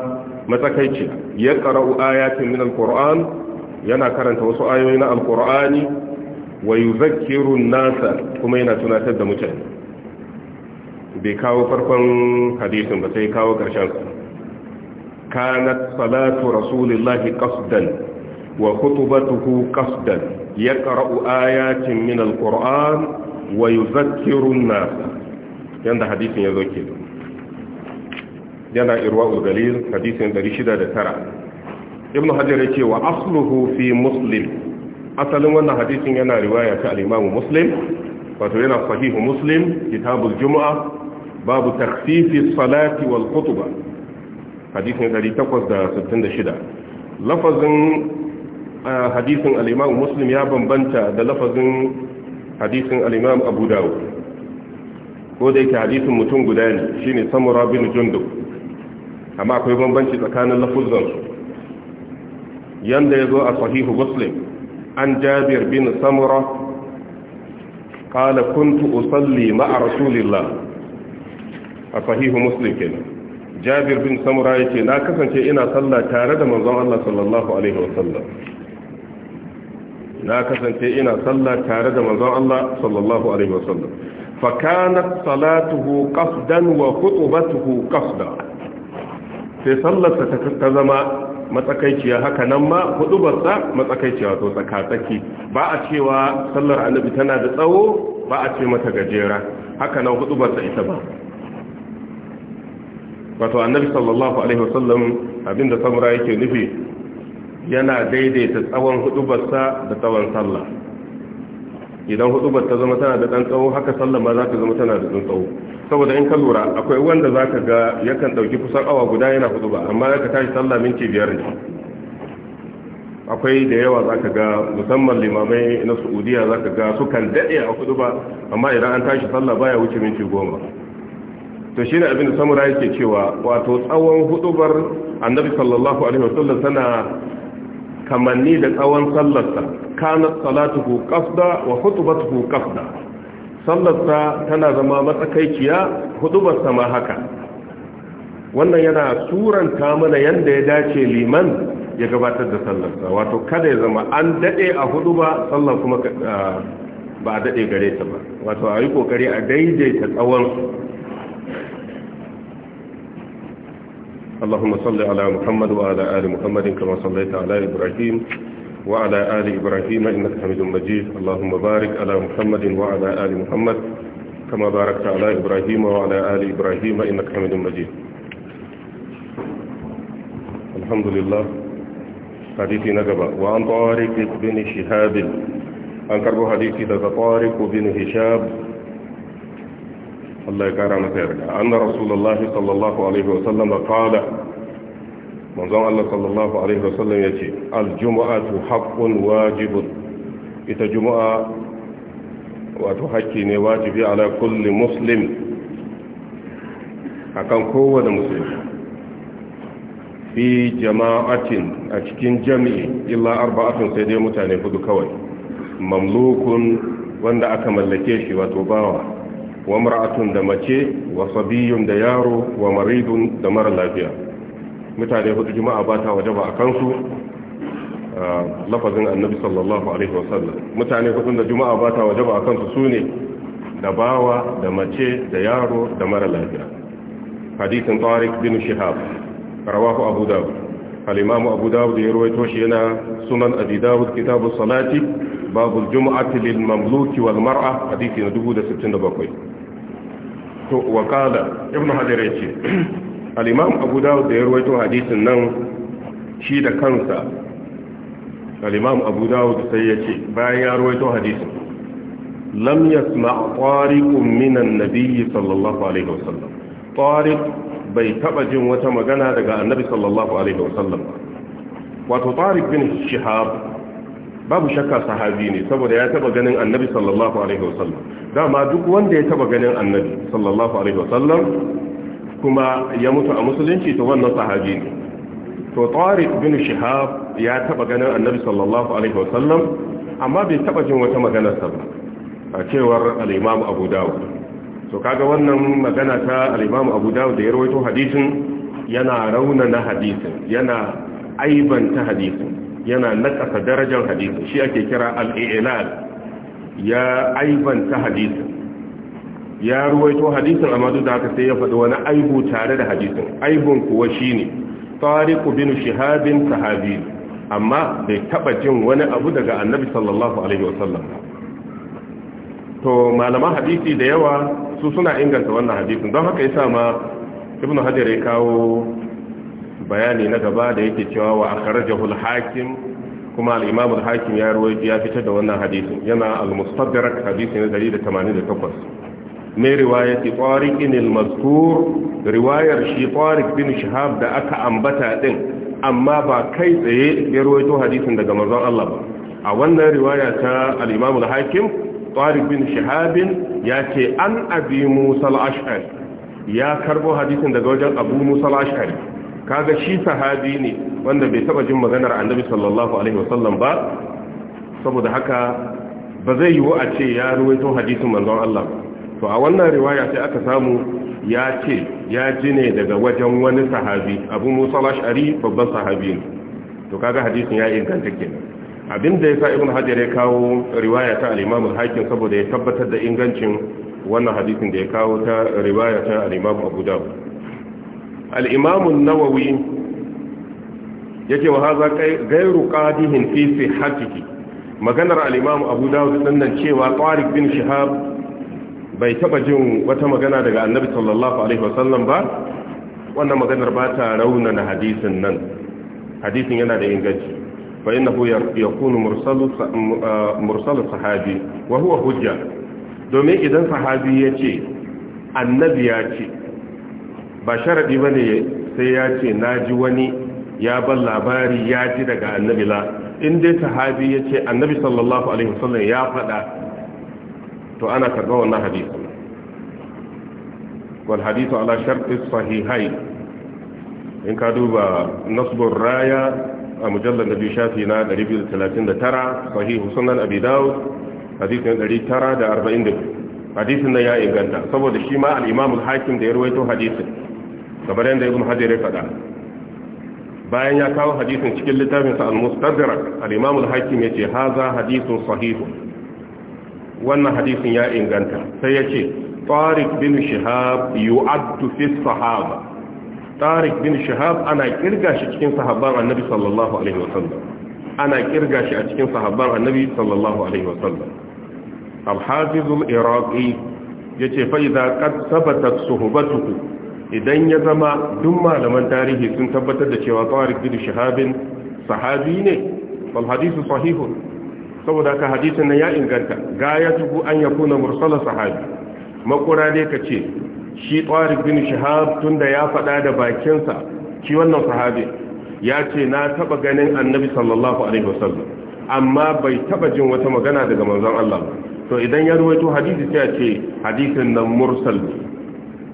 متكيشي يقرأ آيات من القرآن yana karanta wasu ayoyi na alkur'ani wa yuzakkiru nasa kuma yana tunatar da mutane bai kawo farkon hadisin ba sai kawo karshen كانت صلاة رسول الله قصدا وخطبته قصدا يقرأ آيات من القرآن ويذكر الناس يند حديث يذكر ينا إرواء الغليل حديث دريشدة ترى ابن حجر يقول وأصله في مسلم أصل وانا حديث ينا رواية الإمام مسلم وتوينا صحيح مسلم كتاب الجمعة باب تخفيف الصلاة والخطبة hadisin 866 lafazin hadisin al’imam muslim ya bambanta da lafazin hadisin al’imam abu dawo ko da yake hadisin mutum guda ne shine samura bin jundub amma akwai bambanci tsakanin lafazin yadda ya zo a sahihu muslim an jabir bin samura قال كنت أصلي مع رسول الله sahihu مسلم كده jabir bin samura ce na kasance ina sallah tare da manzon Allah sallallahu alaihi wasallam na kasance ina sallah tare da manzon Allah sallallahu alaihi wasallam fa kanat salatuhu qasdan wa khutbatuhu qasdan sai sallarsa ta zama matsakaiciya haka nan ma hudubarsa matsakaiciya to tsakatsaki ba a cewa sallar annabi tana da tsawo ba a ce mata gajera haka nan hudubarsa ita ba wato annabi sallallahu alaihi wasallam abinda samura yake nufi yana daidaita tsawon hudubarsa da tsawon sallah idan hudubar ta zama tana da dan tsawo haka sallah ma za ta zama tana da dan tsawo saboda in ka lura akwai wanda za ka ga yakan dauki kusan awa guda yana huduba amma ya ka tashi sallah minti biyar ne akwai da yawa za ka ga musamman limamai na saudiya za ka ga sukan daɗe a huduba amma idan an tashi sallah baya wuce minti goma to shine abin da samura yake cewa wato tsawon hudubar annabi sallallahu alaihi wasallam tana kamanni da tsawon sallarsa kanat salatuhu qasda wa khutbatuhu qasda sallarsa tana zama matsakaiciya sa ma haka wannan yana suranta mana yanda ya dace liman ya gabatar da sallarsa wato kada ya zama an dade a huduba sallar kuma ah, ba a dade gare ta ba wato a yi kokari a daidaita tsawon اللهم صل على محمد وعلى آل محمد كما صليت على إبراهيم وعلى آل إبراهيم إنك حميد مجيد اللهم بارك على محمد وعلى آل محمد كما باركت على إبراهيم وعلى آل إبراهيم إنك حميد مجيد الحمد لله حديث نقبة وعن طارق بن شهاب أنكره حديث ذا طارق بن هشاب Allah ya kara masa yarda anna rasulullah sallallahu alaihi wa sallam qala manzon Allah sallallahu alaihi wa sallam yace al haqqun wajibun ita jumu'a wato haƙƙi ne wajibi ala kulli muslim akan kowane musulmi fi jama'atin a cikin jami'i illa arba'atun sai dai mutane hudu kawai mamlukun wanda aka mallake shi wato bawa wa mar'atun da mace wa sabiyun da yaro wa maridun da mara lafiya mutane hudu juma'a ba ta ba a kansu lafazin annabi sallallahu alaihi wasallam mutane hudu da juma'a ba ta ba a kansu sune da bawa da mace da yaro da mara lafiya hadisin tarik bin shihab rawahu abu dawud al-imam abu dawud ya rawaito shi yana sunan abi dawud kitab as-salati باب الجمعة للمملوك والمرأة حديث ندبو دا ستين بقوي to Wakala, qala ibn hajar yace al-imam abu dawud da ya rawaito hadisin nan shi da kansa al-imam abu dawud sai ya ce, bayan ya rawaito hadisin lam yasma' tariqun min an-nabiy sallallahu alaihi wasallam tariq bai taba jin wata magana daga annabi sallallahu alaihi wasallam wato tariq bin shihab babu shakka sahabi ne saboda ya taba ganin annabi sallallahu alaihi wasallam dama duk wanda ya taba ganin annabi sallallahu alaihi wasallam kuma ya mutu a musulunci to wannan sahabi ne to tariq bin shihab ya taba ganin annabi sallallahu alaihi wasallam amma bai taba jin wata maganar sa ba a cewar al-imam abu dawud to kaga wannan magana ta al-imam abu dawud da ya rawaito hadisin yana raunana hadisin yana aibanta hadisin yana nakasa darajar hadisi shi ake kira al ya aibanta hadisin ya ruwaito hadisin amma duk da haka sai ya faɗi wani aibu tare da hadisin aibun kuwa shine tariq bin shahabin sahabi amma bai taɓa jin wani abu daga annabi sallallahu alaihi wasallam to malaman hadisi da yawa su suna inganta wannan hadisin don haka yasa ma ibnu hajar ya kawo bayani na gaba da yake cewa wa akhrajahu al-hakim kuma al-imam al-hakim ya rawaito ya fitar da wannan hadisin yana al-mustadrak hadisi na 188 mai riwayati tariq al-mazkur riwayar shi tariq bin shahab da aka ambata din amma ba kai tsaye ya rawaito hadisin daga manzon Allah ba a wannan riwaya ta al-imam al-hakim tariq bin shahab ya ce an abi musa al-ash'ari ya karbo hadisin daga wajen abu musa al-ash'ari kaga shi sahabi ne wanda bai taba jin maganar annabi sallallahu alaihi wasallam ba saboda haka ba zai yiwu a ce ya ruwaito hadisin manzon Allah to a wannan riwaya sai aka samu ya ce ya ji ne daga wajen wani sahabi abu musa al-ash'ari babban sahabi ne to kaga hadisin ya inganta kenan abinda yasa ibn hajar ya kawo riwaya ta al-imam al-hakim saboda ya tabbatar da ingancin wannan hadisin da ya kawo ta riwaya ta al-imam abu dawud al'imamun nawawi yake wa haza gairu ƙadihin fi sihhatiki maganar al'imamu abu dawud sannan cewa tsarik bin shihab bai taɓa jin wata magana daga annabi sallallahu alaihi wasallam ba wannan maganar ba ta raunana hadisin nan hadisin yana da inganci fa innahu yakunu mursalu mursalu sahabi wa huwa hujja domin idan sahabi ya ce, annabi ya ce ba sharadi ne sai ya ce ji wani ya ban labari ya ji daga annabi la in dai sahabi ya ce annabi sallallahu alaihi wasallam ya faɗa to ana karɓar wannan hadisi wal hadisu ala sharti sahihai in ka duba nasbur raya a mujallar da biyu shafi na 239 sahihu sunan abi dawud hadisin 942 hadisin nan ya inganta saboda shi ma al-imam al-hakim da ya ruwaito hadisin kamar yadda ibn hajar ya faɗa bayan ya kawo hadisin cikin littafinsa al-mustadrak al-imam al-hakim yace haza hadisin sahihu wannan hadisin ya inganta sai ya ce tariq bin shihab yu'addu fi sahaba tariq bin shahab ana kirga shi cikin sahabban annabi sallallahu alaihi wasallam ana kirga shi a cikin sahabban annabi sallallahu alaihi wasallam al-hafiz al-iraqi yace fa idza qad sabatat suhbatuhu idan ya zama duk malaman tarihi sun tabbatar da cewa tsarik bin shahabin sahabi ne wal hadisu sahihun saboda ka hadisin nan ya inganta ga ya tuku an ya kuna mursala sahabi makura ne ka ce shi tsarik bin shahab tunda ya faɗa da bakinsa shi wannan sahabi ya ce na taba ganin annabi sallallahu alaihi wasallam amma bai taba jin wata magana daga manzon Allah to idan ya ruwaito hadisi sai ya ce hadisin nan mursal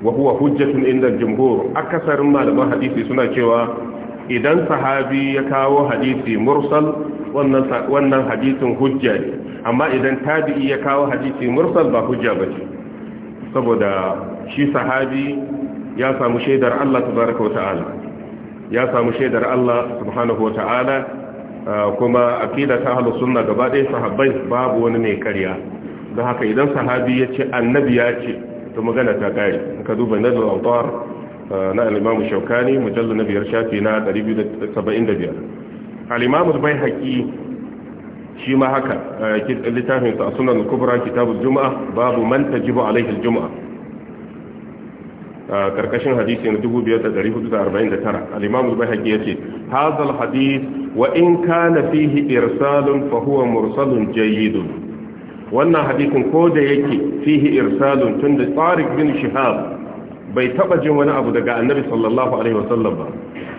wa huwa hujjatun inda jumhur akasarin malaman hadisi suna cewa idan sahabi ya kawo hadisi mursal wannan hadisin hujja ne amma idan tabi'i ya kawo hadisi mursal ba hujja ba ce saboda shi sahabi ya samu shaidar Allah tabaraka wa ta'ala ya samu shaidar Allah subhanahu wa ta'ala kuma aqida ta ahlus sunna gaba ɗaya sahabbai babu wani mai kariya don haka idan sahabi ya ce annabi ya ce to magana ta kare in ka duba nazar autar uh, na al-imamu shaukani mujallal na biyar shafi na 275 al-imamu bai haƙi shi ma haka uh, littafin sa sunan kubra kitabul juma'a babu man tajibu alaihi al-juma'a uh, karkashin hadisi na 2449 al-imamu bai haƙi yace hadha al-hadith wa in kana fihi irsalun fa huwa mursalun jayyidun wannan hadisin ko da yake fihi irsalun tun da tsarik bin shihab bai taba jin wani abu daga annabi sallallahu alaihi wasallam ba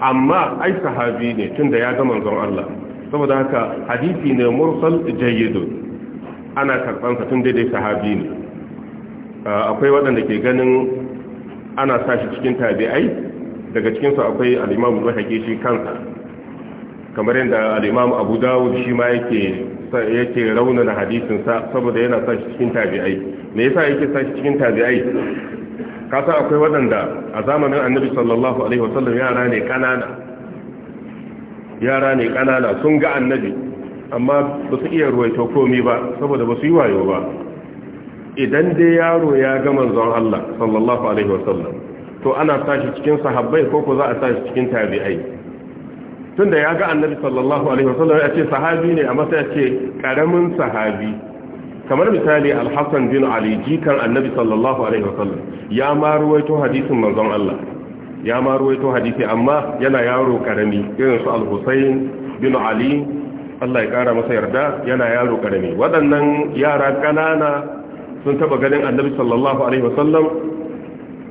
amma ai sahabi ne tun da ya ga manzon Allah saboda haka hadisi ne mursal jayyidun ana karban sa tun daidai sahabi ne akwai waɗanda ke ganin ana sa shi cikin tabi'ai daga cikin su akwai al imamu Bukhari shi kansa kamar yadda al’imam abu dawud shi ma yake rauna na hadisin saboda yana sa shi cikin tabi'ai me yasa yake sa shi cikin tabi'ai kasa akwai waɗanda a zamanin annabi sallallahu alaihi wasallam yara ne kanana yara ne kanana sun ga annabi amma ba su iya ruwaito komi ba saboda ba su yi wayo ba idan dai yaro ya ga manzon Allah sallallahu alaihi wasallam to ana sa shi cikin sahabbai ko ko za a sa shi cikin tabi'ai tunda ya ga annabi sallallahu alaihi wasallam ya ce sahabi ne amma sai ya ce karamin sahabi kamar misali al-Hasan bin Ali jikan annabi sallallahu alaihi wasallam ya ma ruwaito hadisin manzon Allah ya ma ruwaito hadisi amma yana yaro karami irin su al-Husayn bin Ali Allah ya kara masa yarda yana yaro karami waɗannan yara kanana sun taba ganin annabi sallallahu alaihi wasallam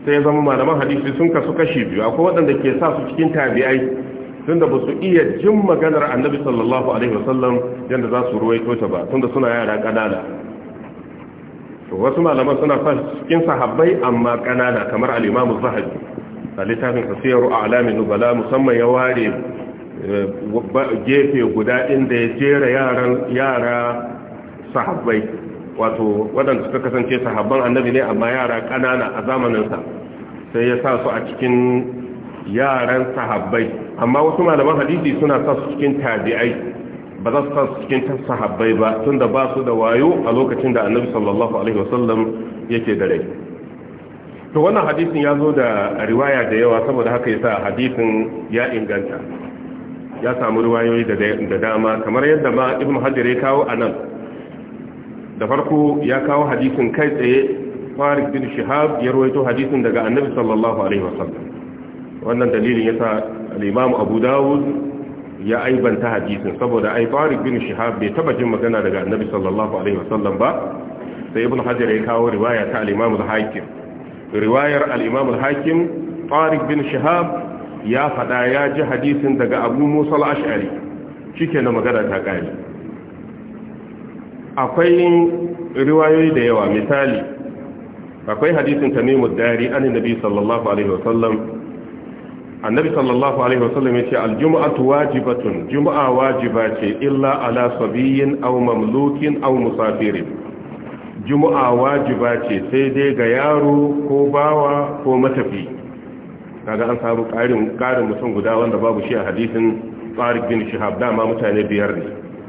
sai ya zama malaman hadisi sun kasu kashi biyu akwai waɗanda ke sa su cikin tabi'ai tunda ba su iya jin maganar annabi sallallahu alaihi wasallam yadda za su ruwaito ta ba tunda suna yara kanana wasu malaman suna sa cikin sahabbai amma kanana kamar al-imamu zahabi a littafin tasiru alamin nubala musamman ya ware eh, gefe guda inda ya jera yaran yara sahabbai wato waɗanda suka kasance sahabban annabi ne amma yara ƙanana a zamaninsa sai ya sa su a cikin yaran sahabbai amma wasu malaman hadisi suna sa su cikin tabi'ai ba za su sa su cikin sahabbai ba tunda ba su da wayo a lokacin da annabi sallallahu alaihi wasallam yake da rai to wannan hadisin ya zo da riwaya da yawa saboda haka yasa hadisin ya inganta ya samu riwayoyi da dama kamar yadda ma ibn hajar ya kawo anan da farko ya kawo hadisin kai tsaye farid bin shihab ya rawaito hadisin daga annabi sallallahu alaihi wasallam wannan dalilin yasa sa al'imam abu dawud ya aibanta hadisin saboda ai farid bin shahab bai taba jin magana daga annabi sallallahu alaihi wasallam ba sai ibn hajar ya kawo riwaya ta al-imam al-hakim riwayar al-imam al-hakim bin shahab ya fada ya ji hadisin daga abu musa al-ash'ari shike na magana ta kare akwai riwayoyi da yawa misali akwai hadisin tamimud dari annabi sallallahu alaihi wasallam annabi sallallahu alaihi wasallam yace aljum'atu wajibatun juma'a wajiba ce illa ala sabiyin aw mamlukin aw musafirin jum'a wajiba ce sai dai ga yaro ko bawa ko matafi kaga an samu karin karin mutum guda wanda babu shi a hadisin Tariq bin Shihab dama mutane biyar ne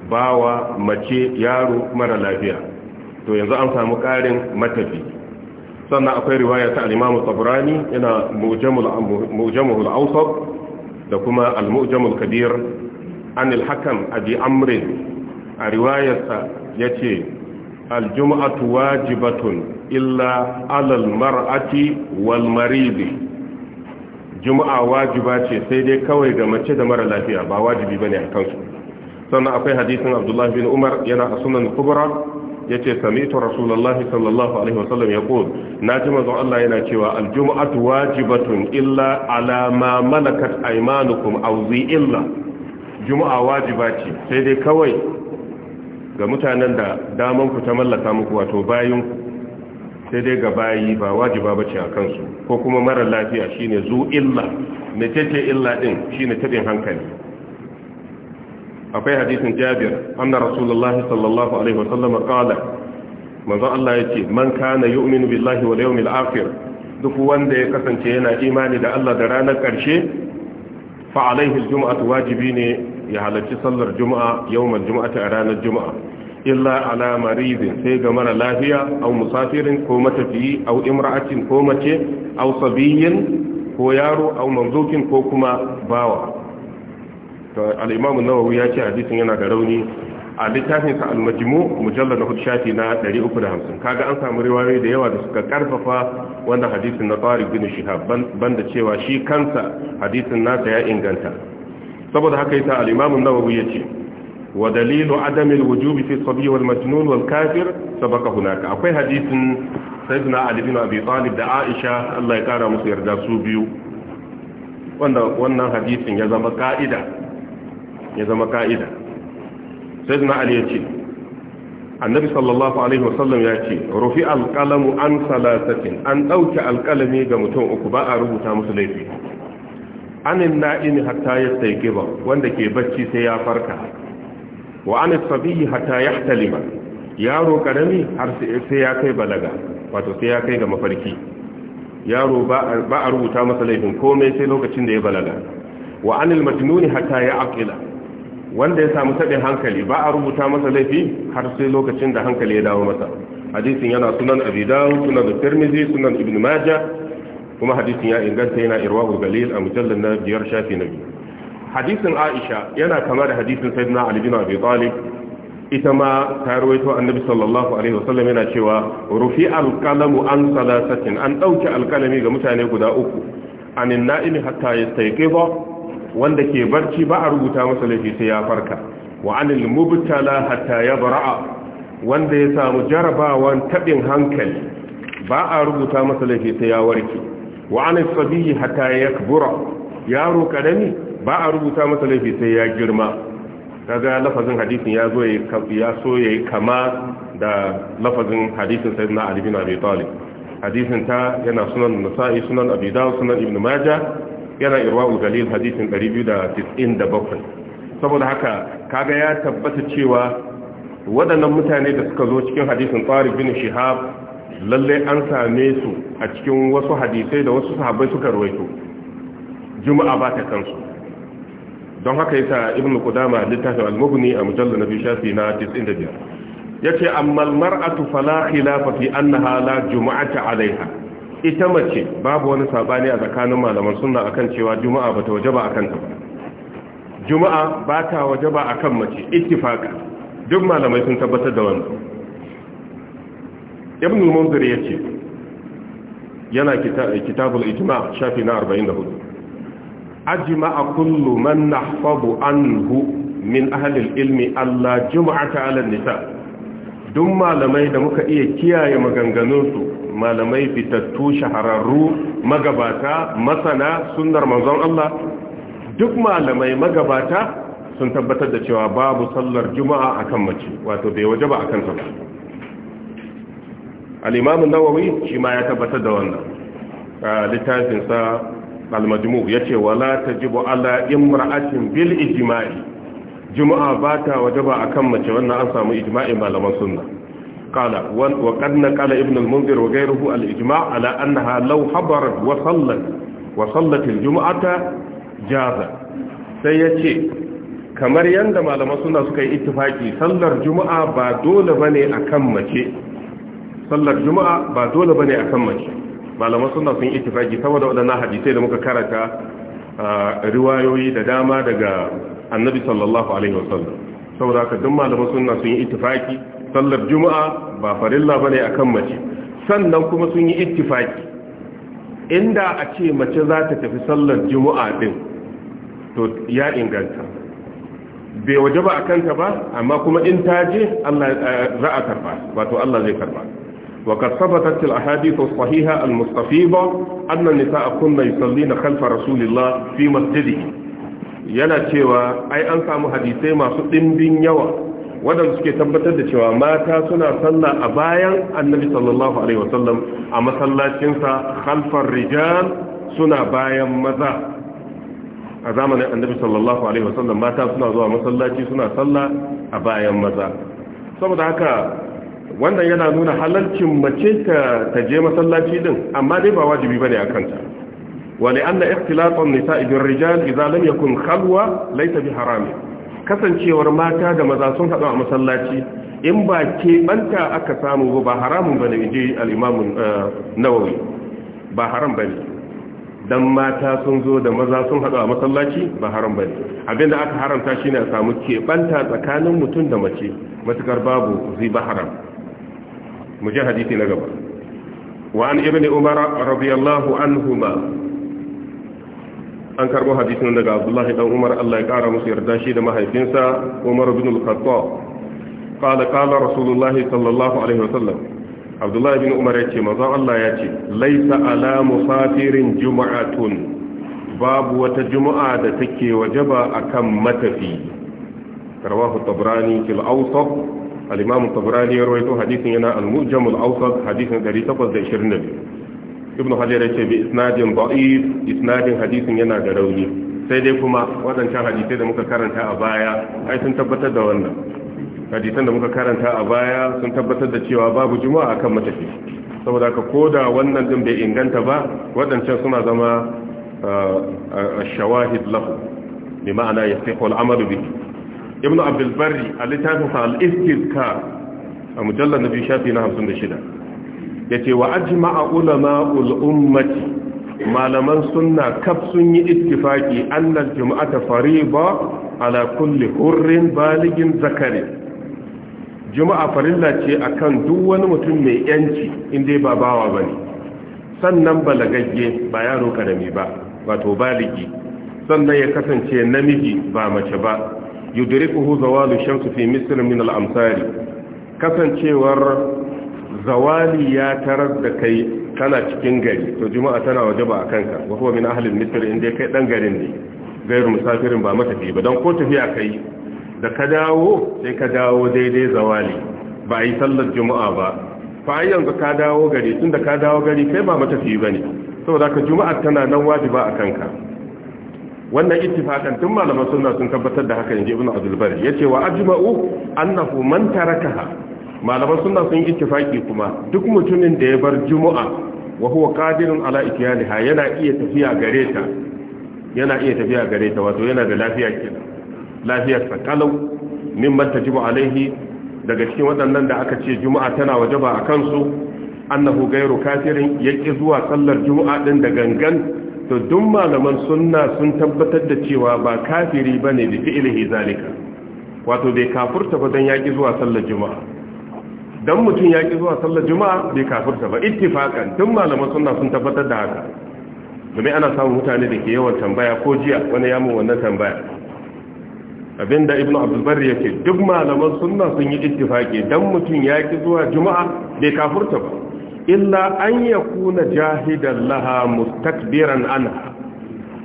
bawa mace yaro mara lafiya to yanzu an samu karin matafi sannan akwai riwaya ta al-Imam Tabrani yana Awsat da kuma Al-Mujamul Kabir an al-Hakam Abi Amr a riwayarsa yace al-jum'atu wajibatun illa 'ala al-mar'ati wal maridi jum'a wajiba ce sai dai kawai ga mace da mara lafiya ba wajibi bane a kansu sannan akwai hadisin Abdullah bin Umar yana a sunan Kubra yace sami'tu rasulallah sallallahu alaihi wasallam na naji manzon Allah yana cewa aljum'atu wajibatun illa ala ma malakat aymanukum aw illa juma'a wajiba ce sai dai kawai ga mutanen da daman ku ta mallaka muku wato bayin sai dai ga bayi ba wajiba bace a kansu ko kuma mara lafiya shine zu illa mecece illa din shine taɗin hankali akwai hadisin jabir anna rasulullahi sallallahu alaihi wasallam qala manzo Allah yace man kana yu'minu billahi wal yawmil akhir duk wanda ya kasance yana imani da Allah da ranar karshe fa alaihi aljum'atu wajibi ne ya halarci sallar juma'a yawmal jum'ati a ranar juma'a illa ala maridin sai ga mara lafiya aw musafirin ko matafiyi aw imra'atin ko mace aw sabiyyin ko yaro aw mamzukin ko kuma bawa al'imamun nawawi ya ce hadisin yana da rauni a littafinsa al-majmu mujallar na hudu shafi na 350 kaga an samu riwayoyi da yawa da suka karfafa wanda hadisin na tsari bin shihab banda cewa shi kansa hadisin nasa ya inganta saboda haka yasa al-imamun nawawi ya ce wa dalilu adam wujubi fi sabi wal wal kafir sabaka hunaka akwai hadisin sayyidina ali bin abi talib da aisha Allah ya kara musu yarda su biyu wannan hadisin ya zama ka'ida ya zama ka'ida sai zina ali ya ce annabi sallallahu alaihi wasallam ya ce rufi alƙalamu an salasatin an ɗauke alƙalami ga mutum uku ba a rubuta musu laifi anin na'in hatta ya tsaike ba wanda ke bacci sai ya farka wa anin sabiyi hatta ya talima yaro karami har sai ya kai balaga wato sai ya kai ga mafarki yaro ba a rubuta masa laifin komai sai lokacin da ya balaga wa anil majnuni hatta ya aqila wanda ya samu taɓin hankali ba a rubuta masa laifi har sai lokacin da hankali ya dawo masa hadisin yana sunan abi sunan sunan tirmizi sunan ibn maja kuma hadisin ya inganta yana irwahu galil a mujallar na biyar shafi na biyu hadisin aisha yana kama da hadisin sayyidina ali bin abi talib ita ma ta rawaito annabi sallallahu alaihi wasallam yana cewa rufi alqalamu an salasatin an dauki alqalami ga mutane guda uku anin na'imi hatta yastayqiza wanda ke barci ba a rubuta masa laifi sai ya farka wa anil mubtala hatta yabra wanda ya samu jarabawan tabin hankali ba a rubuta masa laifi sai ya warke wa anil sabihi hatta yakbura yaro kadami ba a rubuta masa laifi sai ya girma kaga lafazin hadisin ya zo ya so yayi kama da lafazin hadisin sayyidina ali bin abi talib hadisin ta yana sunan nasa'i sunan abi dawud sunan ibn majah yana irwa'ul dalil hadisin 297 saboda haka kaga ya tabbata cewa waɗannan mutane da suka zo cikin hadisin tsari bin shihab lalle an same su a cikin wasu hadisai da wasu sahabbai suka rawaito juma'a ba ta kansu don haka yasa ibn qudama littafin al-mughni a mujallal nabi shafi na 95 yace amma al-mar'atu fala khilafa fi annaha la jumu'ata alaiha ita mace babu wani sabani a tsakanin malaman sunna akan cewa juma'a bata ba akan ta juma'a bata ba akan mace ittifaka duk malamai sun tabbatar da wannan ibn munzir yace yana kitabul ijma' shafi na 44 ajma'a kullu man nahfabu anhu min ahli al-ilmi alla juma'ata 'ala nisa duk malamai da muka iya kiyaye maganganunsu malamai fitattu shahararru magabata masana sunnar manzon Allah duk malamai magabata sun tabbatar da cewa babu sallar juma'a akan mace wato bai waje ba akan sa ba al-imam an-nawawi shi ma ya tabbatar da wannan littafin sa al-majmu' yace wala tajibu ala imra'atin bil ijma'i juma'a bata waje ba akan mace wannan an samu ijma'in malaman sunna قال وقد نقل ابن المنذر وغيره الإجماع على أنها لو حضرت وصلت وصلت الجمعة جازة سيأتي kamar yadda malamai suna suka yi ittifaki sallar juma'a ba dole bane akan mace sallar juma'a ba dole bane akan mace malamai suna sun yi ittifaki saboda wadannan hadisai da muka karanta riwayoyi da dama daga annabi sallallahu alaihi wasallam saboda haka duk malaman suna sun yi ittifaki sallar juma'a ba farilla ba ne a kan mace sannan kuma sun yi ittifaki inda a ce mace za ta tafi sallar juma'a din to ya inganta bai waje ba a kanta ba amma kuma in ta je eh, za a karba wato Allah zai karba وقد ثبتت الأحاديث الصحيحة المستفيضة أن النساء كنا يصلين خلف رسول الله في مسجده yana cewa ai an samu hadisai masu ɗimbin yawa waɗanda suke tabbatar da cewa mata suna sallah a bayan annabi sallallahu alaihi wasallam a masallacinsa khalfar rijal suna bayan maza a zamanin annabi sallallahu alaihi wasallam mata suna zuwa masallaci suna sallah a bayan maza saboda haka wannan yana nuna halalcin mace ta je masallaci din amma dai ba wajibi bane a kanta wali anna ikhtilatun nisa'i bir rijal idza lam yakun khalwa laysa bi kasancewar mata da maza sun haɗu a masallaci in ba keɓanta aka samu ba haramun ba ne je al'imamun eh, nawawi ba haram ba ne don mata sun zo da maza sun haɗu a masallaci ba haram ba ne abinda aka haramta shi ne a samu keɓanta tsakanin mutum da mace matukar babu zai ba haram mu je hadisi na gaba وعن ne Umar? رضي الله anhuma. an karbo hadisin daga abdullahi dan umar Allah ya kara musu yarda shi da mahaifinsa umar bin al-khattab qala qala rasulullah sallallahu alaihi wasallam abdullahi bin umar ya ce manzon Allah ya ce laisa ala musafirin jumu'atun babu wata jumu'a da take wajaba akan matafi rawahu tabrani fil awsat al-imam tabrani ya rawaito hadisin yana al-mu'jam al-awsat hadisin 822 ibn hajar yace bi isnadin da'if isnadin hadisin yana da rauni sai dai kuma wadancan hadisai da muka karanta a baya ai sun tabbatar da wannan hadisan da muka karanta a baya sun tabbatar da cewa babu juma'a akan matafi saboda haka koda wannan din bai inganta ba wadancan suna zama ash-shawahid lahu bi ma'ana yasihu al-amalu bi ibn abdul barri al-litafin al-istizkar a mujallal nabi shafi na 56 yace wa ajma'a ulama'ul ummati malaman sunna kaf sun yi ittifaki annal jum'ata ba ala kulli hurrin baligin zakari juma'a farilla ce akan duk wani mutum mai yanci inda ba bawa ne sannan balagagge ba yaro karami ba wato baligi sannan ya kasance namiji ba mace ba yudrikuhu zawalu shamsu fi min al'amsari amsari kasancewar zawali ya tarar da kai kana cikin gari to juma'a tana waje ba a kanka wa huwa min al misr inda kai dan garin ne gair musafirin ba matafi ba dan ko tafiya kai da ka dawo sai ka dawo daidai zawali ba a yi sallar juma'a ba fa yanzu ka dawo gari tunda ka dawo gari kai ba matafi bane saboda ka juma'a tana nan wajiba a kanka wannan ittifaqan tun malaman sunna sun tabbatar da haka inji ibnu abdul bari yace wa ajma'u annahu man tarakaha malaman sunna sun ittifaki kuma duk mutumin da ya bar juma'a wa huwa qadirun ala ikyaliha yana iya tafiya gare ta yana iya tafiya gare ta wato yana da lafiya kenan lafiyar sa kalau man tajibu alaihi daga cikin waɗannan da aka ce juma'a tana wajaba a kansu annahu gairu kafirin yake zuwa sallar juma'a din da gangan to duk malaman sunna sun tabbatar da cewa ba kafiri bane da fi'ilihi zalika wato bai kafurta ba dan yaki zuwa sallar juma'a dan mutum ya ki zuwa sallar juma'a bai kafirta ba ittifaqan tun malaman sunna sun tabbatar da haka domin ana samun mutane da ke yawan tambaya ko jiya wani ya mun wannan tambaya abinda ibnu abdul barri yake duk malaman sunna sun yi ittifaqi dan mutum ya ki zuwa juma'a bai kafirta ba illa an yakuna jahidan laha mustakbiran anha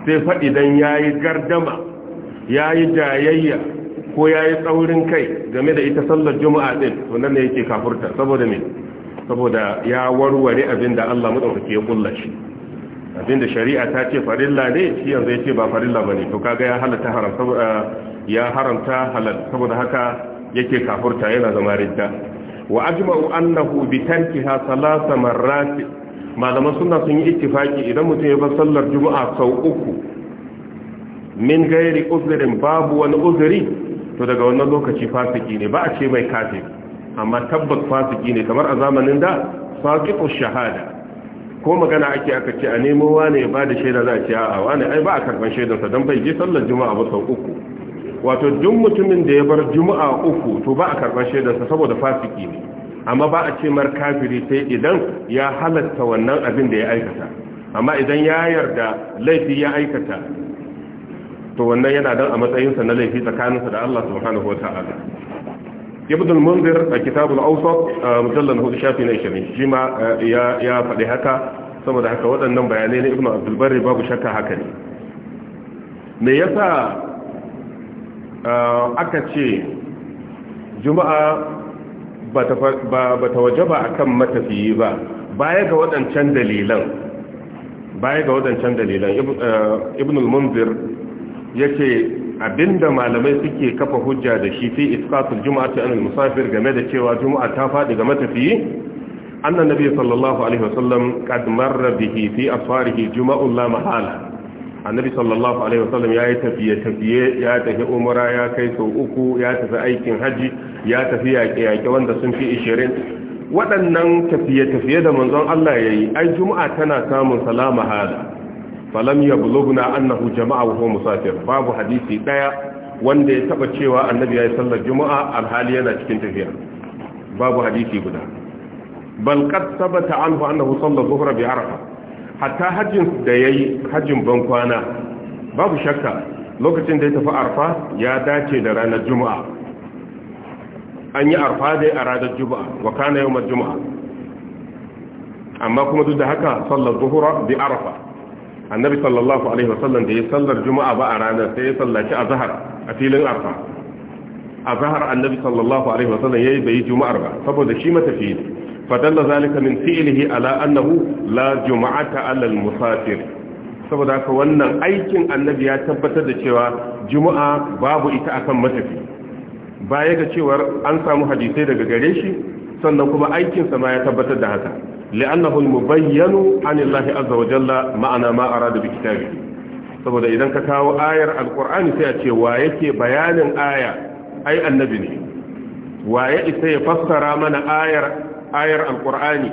sai fa idan yayi gardama yayi jayayya ko ya yi tsaurin kai game da ita sallar juma'a din to nan ne yake kafurta saboda me saboda ya warware abin da Allah madaukake ya kulla shi abin da shari'a ta ce farilla ne shi yanzu ce ba farilla bane to kaga ya halatta haram saboda ya haramta halal saboda haka yake kafurta yana zama ridda wa ajma'u annahu bi tankiha salasa marrat malama sunna sun yi ittifaki idan mutum ya bar sallar juma'a sau uku min gairi uzurin babu wani uzuri to daga wannan lokaci fasiki ne ba a ce mai kafi amma tabbat fasiki ne kamar a zamanin da fasiku shahada ko magana ake aka ce a nemo wane ba da shaida za a ce a'a wane ai ba a karban shaidarsa sa dan bai je sallar juma'a ba sau uku wato duk mutumin da ya bar juma'a uku to ba a karban shaidarsa saboda fasiki ne amma ba a ce mar kafiri sai idan ya halatta wannan abin da ya aikata amma idan ya yarda laifi ya aikata to wannan yana dan a matsayinsa na laifi tsakaninsa da Allah subhanahu wa ta'ala ibn al-munzir a kitabul awsat mujallal hudu shafi na 20 shi ma eh, ya ya faɗi haka saboda haka waɗannan bayanai na ibn abdul barri babu shakka haka ne me yasa eh, aka ce juma'a ba ta wajaba akan matafiyi ba baya ga waɗancan dalilan baya ga waɗancan dalilan ibn al-munzir eh, yace abinda malamai suke kafa hujja da shi fi Juma'a jum'ati anil musafir game da cewa juma'a ta fadi ga matafiyi Annabi sallallahu alaihi wasallam qad marra bihi fi asfarihi juma'un la mahala annabi sallallahu alaihi wasallam ya yi tafiye tafiye ya tafi umara ya kai sau uku ya tafi aikin haji ya tafi yaƙe yaƙe wanda sun fi 20 waɗannan tafiye tafiye da manzon Allah yayi ai juma'a tana samun salama hala falam yablughna annahu jama'a wa musafir babu hadisi daya wanda ya taba cewa annabi yayi sallar juma'a alhali yana cikin tafiya babu hadisi guda bal qad sabata anhu annahu salla dhuhra bi arafa hatta hajjin da yayi hajjin ban kwana babu shakka lokacin da ya tafi arfa ya dace da ranar juma'a an yi arfa dai a ranar juma'a wa kana yawmal juma'a amma kuma duk da haka sallar zuhura bi arafa annabi sallallahu alaihi wasallam da ya sallar juma'a ba a ranar sai ya sallaci azhar a filin arfa azhar annabi sallallahu alaihi wasallam yayi bai juma'ar ba saboda shi matafi ne fadalla zalika min fi'lihi ala annahu la juma'ata ala al-musafir saboda haka wannan aikin annabi ya tabbatar da cewa juma'a babu ita akan matafi baya ga cewar an samu hadisai daga gare shi sannan kuma aikinsa ma ya tabbatar da haka li'annahu al-mubayyanu an Allah azza wa jalla ma'ana ma'ara da bi kitabi saboda idan ka kawo ayar alkur'ani sai a ce wa yake bayanin aya ai annabi ne wa ya isa ya fassara mana ayar ayar alqur'ani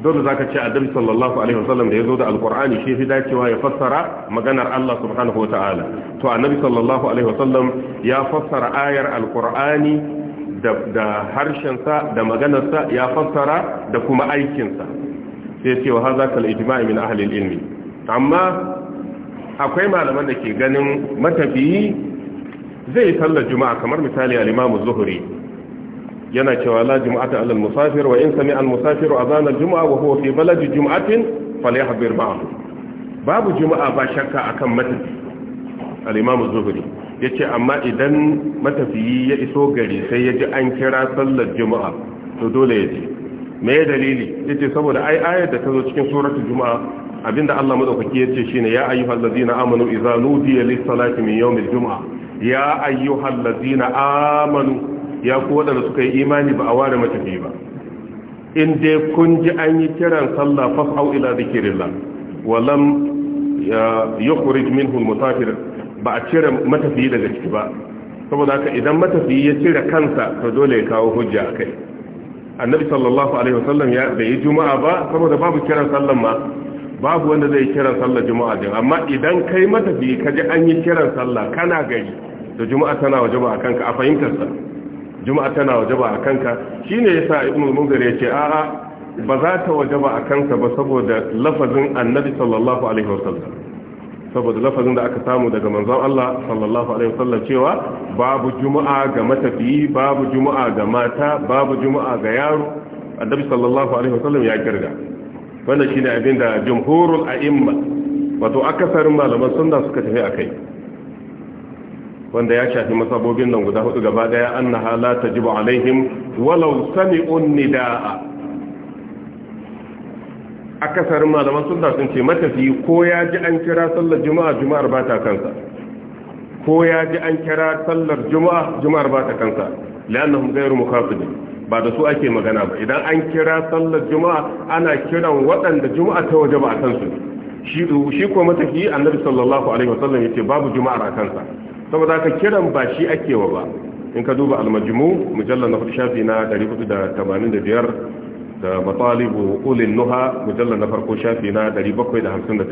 dole zaka ce annabi sallallahu alaihi wasallam da zo da alqur'ani shi fi dacewa ya fassara maganar Allah subhanahu wa ta'ala to annabi sallallahu alaihi wasallam ya fassara ayar alkur'ani da harshensa da maganarsa ya fassara da kuma aikinsa sai cewa haza kal ijma'i min ahli ilmi amma akwai malaman da ke ganin matafiyi zai sallar juma'a kamar misali al-imamu zuhri yana cewa la juma'ata alal musafir wa in sami al musafiru azana al juma'a wa huwa fi baladi juma'atin falyahdhir ma'ahu babu juma'a ba shakka akan matafi al-imamu zuhri ya ce amma idan matafiyi ya iso gari sai ya ji an kira sallar juma'a to dole ya ji me dalili ya ce saboda ai ayar da ta zo cikin suratul juma'a abinda Allah madaukaki ya ce shine ya ayyuhal ladzina amanu izanu nudiya lis min yau mai juma'a ya ayyuhal ladzina amanu ya ku wadanda suka yi imani ba a ware matafiyi ba in dai kun ji an yi kiran sallah fas'au ila dhikrillah wa lam yukhrij minhu al ba a cire matafiyi daga ciki ba saboda haka idan matafiyi ya cire kansa to dole ya kawo hujja a kai annabi sallallahu alaihi wasallam ya da yi juma'a ba saboda babu kiran sallan ma babu wanda zai kiran sallar juma'a din amma idan kai matafiyi ka ji an yi kiran sallah kana gari da juma'a tana waje ba a kanka a fahimtar sa juma'a tana waje ba a kanka shine yasa ibnu munzir ya ce a'a ba za ta waje ba a kanka ba saboda lafazin annabi sallallahu alaihi wasallam saboda lafazin da aka samu daga manzon Allah sallallahu alaihi wasallam cewa babu juma'a ga matafiyi babu juma'a ga mata babu juma'a ga yaro annabi sallallahu alaihi wasallam ya kirga wannan shine abin da jumhurul a'imma wato akasarin malaman sunna suka tafi akai wanda ya shafi masabobin nan guda hudu gaba daya annaha la tajibu alaihim walau sami'un nidaa akasarin malaman sunna sun ce matafi ko ya ji an kira sallar juma'a juma'ar ba ta kansa ko ya ji an kira sallar juma'a juma'ar ba ta kansa lannahum ghayru mukhafidin ba da su ake magana ba idan an kira sallar juma'a ana kiran waɗanda juma'a ta waje ba a su shi shi ko matafi annabi sallallahu alaihi wasallam yace babu juma'ar a kansa saboda ka kiran ba shi ake wa ba in ka duba al-majmu mujallal na shafi na 485 da matsalibu ulin nuha mujallar na farko shafi na 758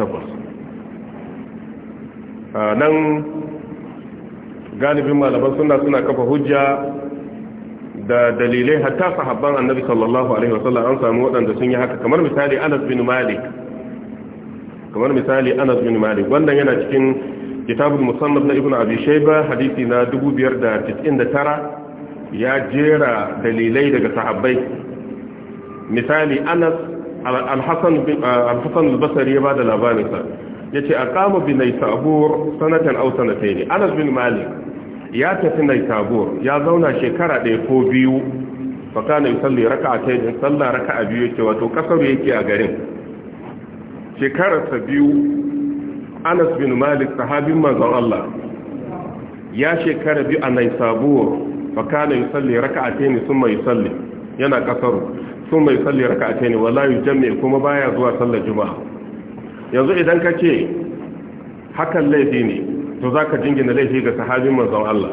nan galibin malaman suna suna kafa hujja da dalilai hatta sahabban annabi sallallahu alaihi wasallam an samu waɗanda sun yi haka kamar misali anas bin malik kamar misali anas bin malik wannan yana cikin kitabul musannaf na ibnu abi shayba hadisi na 2599 ya jera dalilai daga sahabbai misali anas Alhassan uh, hassan al ya ba da labarinsa ya ce a kama bi sabuwar sanatan au sanatai ne anas bin malik ya tafi sabuwar ya zauna shekara ɗaya ko biyu fakana yi salli raka a taijin sallah raka a biyu ce wato kasaru yake a garin shekararsa biyu anas bin malik sahabin mazan allah ya shekara biyu a naisabur fakana yi salli raka a taijin sun mai salli yana kasaru su mai salli raka ne wala yi kuma baya zuwa sallar juma'a yanzu idan ka ce hakan laifi ne to za ka jingina laifi ga sahabin manzon Allah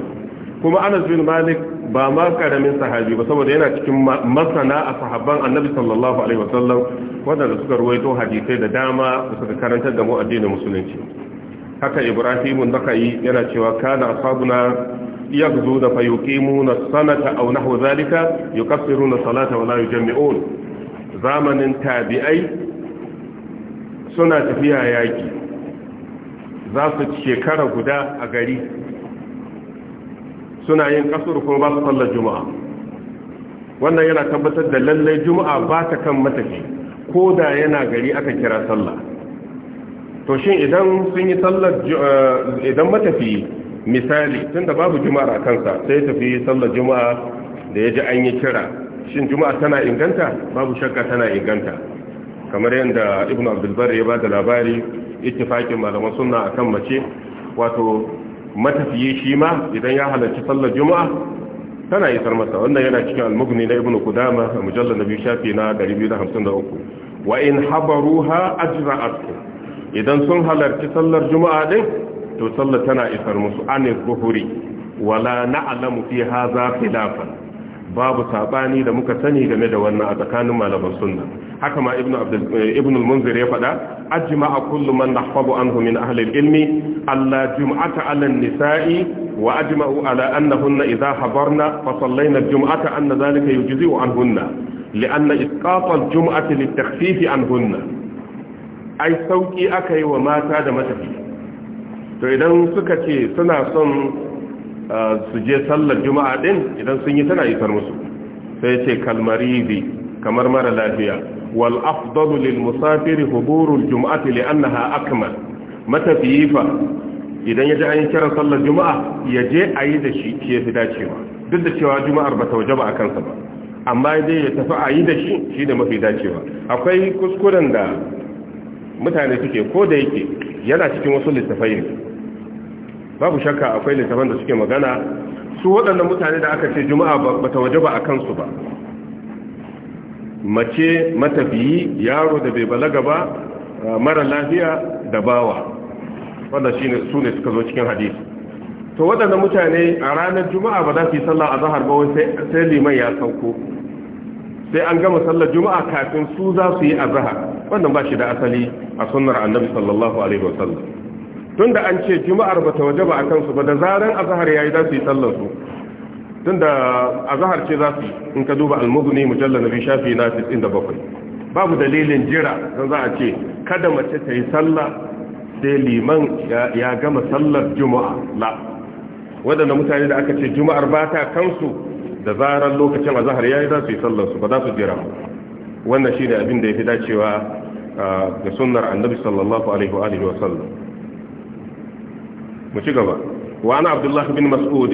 kuma anas bin malik ba ma karamin sahabi ba saboda yana cikin masana a sahabban annabi sallallahu alaihi wasallam wadanda suka ruwaito hadisai da dama da suka karantar da mu addinin musulunci haka ibrahim da yi yana cewa kana ashabuna yaghduna fayuqimuna sanata aw nahwa zalika yukaffiruna salata wa la yujammi'un zamanin tabi'ai suna tafiya yaki za su ci shekara guda a gari suna yin kasur kuma ba su sallar juma'a wannan yana tabbatar da lallai juma'a ba ta kan matafi ko da yana gari aka kira sallah to shin idan sun yi sallar eh, idan matafi misali tunda babu juma'a a kansa sai tafi sallar juma'a da ya ji an yi kira shin juma'a tana inganta babu shakka tana inganta kamar yadda ibn abdulbar ya ba da labari ittifakin malaman sunna akan mace wato matafiye shi ma idan ya halarci sallar juma'a tana isar masa wannan yana cikin almugni na ibnu kudama a mujallar nabi shafi na 253 wa in habaruha ajra'atku idan sun halarci sallar juma'a din to sallar tana isar musu an buhuri wala na'lamu fi hadha khilafan babu sabani da muka sani game da wannan a tsakanin malaman sunna haka ma ibnu abdul eh, ibnu munzir ya faɗa ajma'a kullu man nahfazu anhu min ahli ilmi alla jum'ata 'ala an-nisa'i wa ajma'u 'ala annahunna idha hadarna fa sallayna al-jum'ata anna dhalika yujzi'u anhunna li'anna isqata al-jum'ati lit-takhfif anhunna ai sauki aka yi wa mata da matafi to idan suka ce suna son uh, su je sallar juma'a din idan sun yi tana isar musu sai ce kalmaribi kamar mara lafiya wal afdalu lil musafiri huburul juma'ati li annaha akmal matafiyi fa idan ya ji an yi kiran sallar juma'a ya je a yi da shi ke fi dacewa duk da cewa juma'ar ba ta waje ba a kansa ba amma dai ya tafi a yi da shi shi ne mafi dacewa akwai kuskuren da mutane suke ko da yake yana cikin wasu littafai ne babu shakka akwai littafan da suke magana su waɗannan mutane da aka ce juma'a ba ta waje ba a kansu ba mace matafiyi yaro da bai balaga ba mara lafiya da bawa wanda su ne suka zo cikin hadisi to waɗannan mutane a ranar juma'a ba za su yi sallah a zahar ba sai liman ya sauko sai an gama sallar juma'a kafin su za su yi azhar wannan ba shi da asali a sunnar annabi sallallahu alaihi wasallam tunda an ce juma'ar ba ta waje ba a kansu ba da zaren zaran azhar yayi za su yi sallar su tunda azhar ce za su in ka duba al mujallar mujallal nabi shafi na 97 babu dalilin jira don za a ce kada mace ta yi sallah sai liman ya gama sallar juma'a la wadanda mutane da aka ce juma'ar ba ta kansu da zarar lokacin azahar ya yi za su yi sallar su ba za su jira wannan shine abin da ya fi dacewa ga sunnar annabi sallallahu alaihi wa wa sallam mu ci gaba wa ana abdullahi bin mas'ud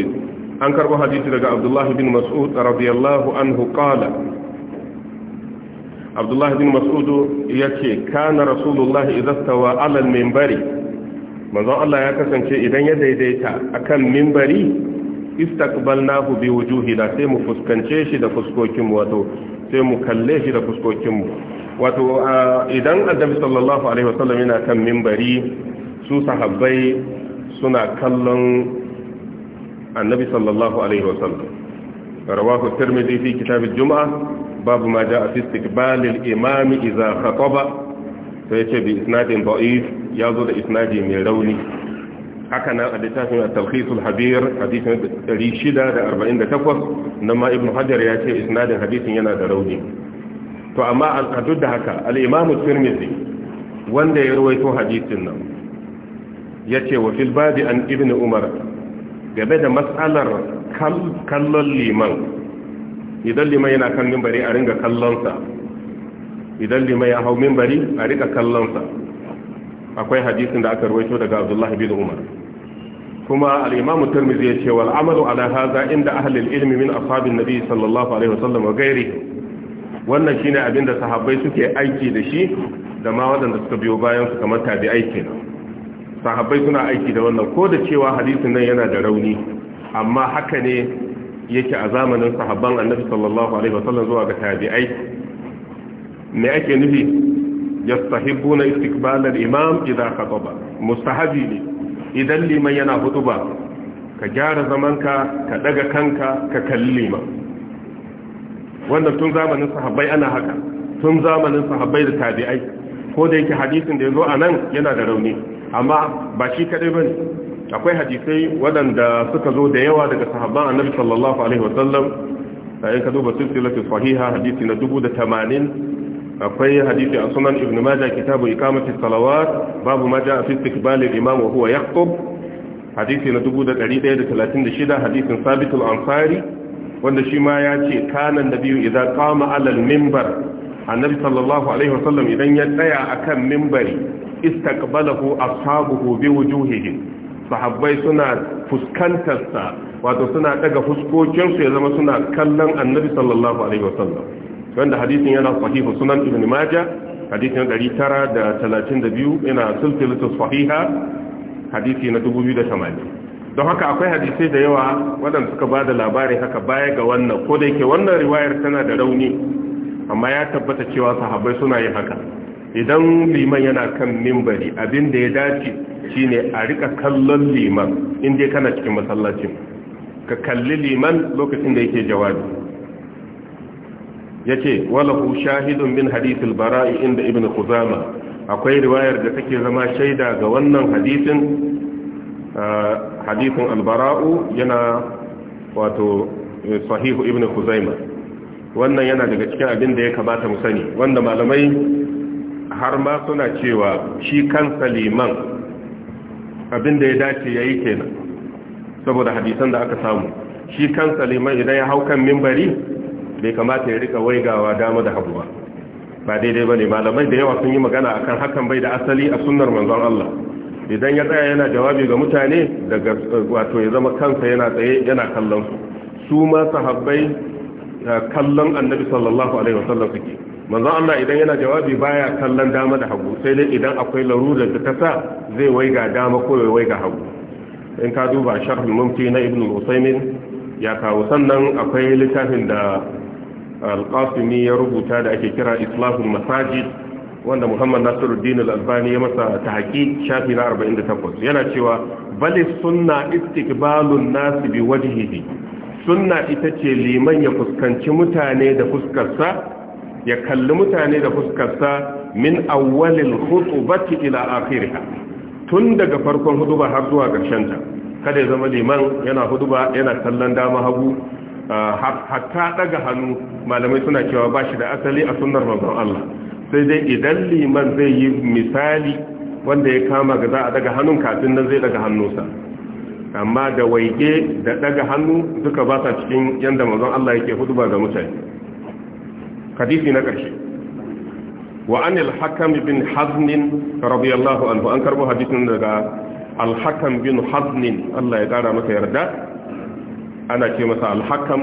an karbo hadisi daga abdullahi bin mas'ud radiyallahu anhu qala abdullahi bin mas'ud yace kana rasulullahi idza stawa ala al-minbari manzon Allah ya kasance idan ya daidaita akan minbari istaqbalnahu bi wujuhina sai mu fuskance shi da fuskokin mu wato sai mu kalle shi da fuskokin mu wato idan annabi sallallahu alaihi wasallam yana kan minbari su sahabbai suna kallon annabi sallallahu alaihi wasallam rawahu tirmidhi fi kitab al-jum'ah babu ma jaa fi istiqbal al-imam idha khataba sai yace bi isnadin da'if yazo da isnadi mai rauni haka nan a littafin al-talqisul habir hadisin 648 nan ma ibnu hajar ya ce isnadin hadisin yana da rauni to amma a duk da haka al-imam tirmidhi wanda ya rawaito hadisin nan yace wa fil babi an ibn umar game da mas'alar kallon liman idan liman yana kan minbari a ringa kallonsa idan liman ya hau minbari a rika kallonsa akwai hadisin da aka rawaito daga abdullahi bin umar kuma al-imam ya ce wal amalu ala haza inda ahli al min ashabin nabi sallallahu alaihi wasallam wa ghairi wannan shine abinda sahabbai suke aiki da shi da ma waɗanda suka biyo bayan su kamar tabi'ai kenan sahabbai suna aiki da wannan ko da cewa hadisin nan yana da rauni amma haka ne yake a zamanin sahabban annabi sallallahu alaihi wasallam zuwa ga tabi'ai me ake nufi yastahibbuna istiqbal al-imam idha khataba mustahabi ne idan liman yana ba ka gyara zamanka ka daga kanka ka kalli liman wannan tun zamanin sahabbai ana haka tun zamanin sahabbai da tabi'ai ko da yake hadisin da ya zo a nan yana da rauni amma ba shi kaɗai ba ne akwai hadisai waɗanda suka zo da yawa daga sahabban annabi sallallahu alaihi wasallam da in ka duba silsilatu sahiha hadisi na da tamanin. akwai hadisi a sunan ibn majah kitabu ikamati salawat babu ma jaa fi istiqbal al-imam wa huwa yaqtub hadisi na 1136 hadisin sabit al-ansari wanda shi ma ya ce kana nabiyyu idza qama ala al-minbar annabi sallallahu alaihi wasallam idan ya tsaya akan minbari istaqbalahu ashabuhu biwujuhihim sahabbai suna fuskantarsa wato suna daga fuskokinsu ya zama suna kallon annabi sallallahu alaihi wasallam wanda hadisin yana sahihu sunan ibn maja hadisin 932 ina silsilatu sahiha hadisi na 2080 don haka akwai hadisai da yawa waɗanda suka ba da labari haka baya ga wannan ko da yake wannan riwayar tana da rauni amma ya tabbata cewa sahabbai suna yin haka idan liman yana kan mimbari abin da ya dace shine a rika kallon liman inda kana cikin masallacin ka kalli liman lokacin da yake jawabi ce walahu shahidun min hadith al-bara'i inda ibn khuzama akwai riwayar da take zama shaida ga wannan hadisin hadithin al-bara'u yana wato eh, sahihu ibn khuzaima wannan yana daga cikin abin da ya kamata mu sani wanda malamai har ma suna cewa shi kansa liman abin da ya dace yayi kenan saboda hadisan da aka samu shi kansa liman idan ya hau kan minbari bai kamata ya rika waigawa dama da hagu ba ba daidai ba ne malamai da yawa sun yi magana akan hakan bai da asali a sunnar manzon Allah idan ya tsaya yana jawabi ga mutane daga wato ya zama kansa yana tsaye yana kallon su su ma sahabbai eh, kallon annabi sallallahu alaihi wasallam suke manzon Allah idan yana jawabi baya kallon dama da hagu sai dai idan akwai larurar da ta sa zai waiga dama ko ya waiga hagu in ka duba sharh mumti na ibnu usaymin ya kawo sannan akwai littafin da al-qasimi ya rubuta da ake kira islahun masajid wanda muhammad nasiruddin al-albani ya masa tahqiq shafi na 48 yana cewa bali sunna istikbalun nas bi sunna ita ce liman ya fuskanci mutane da fuskarsa ya kalli mutane da fuskarsa min awwalil khutubati ila akhiriha tun daga farkon huduba har zuwa karshen ta kada ya zama liman yana huduba yana kallon dama hagu Ah, hatta daga hannu malamai suna cewa ba shi da asali a sunnar manzon Allah sai dai idan liman zai yi misali wanda ya kama ga za a daga hannun kafin nan zai daga hannunsa amma da waige da daga hannu duka ba sa cikin yanda manzon Allah yake huduba ga mutane hadisi na ƙarshe wa anil hakam bin hazn radiyallahu anhu an karbo hadisin daga al hakam bin haznin Allah ya kara masa yarda ana ce masa alhakam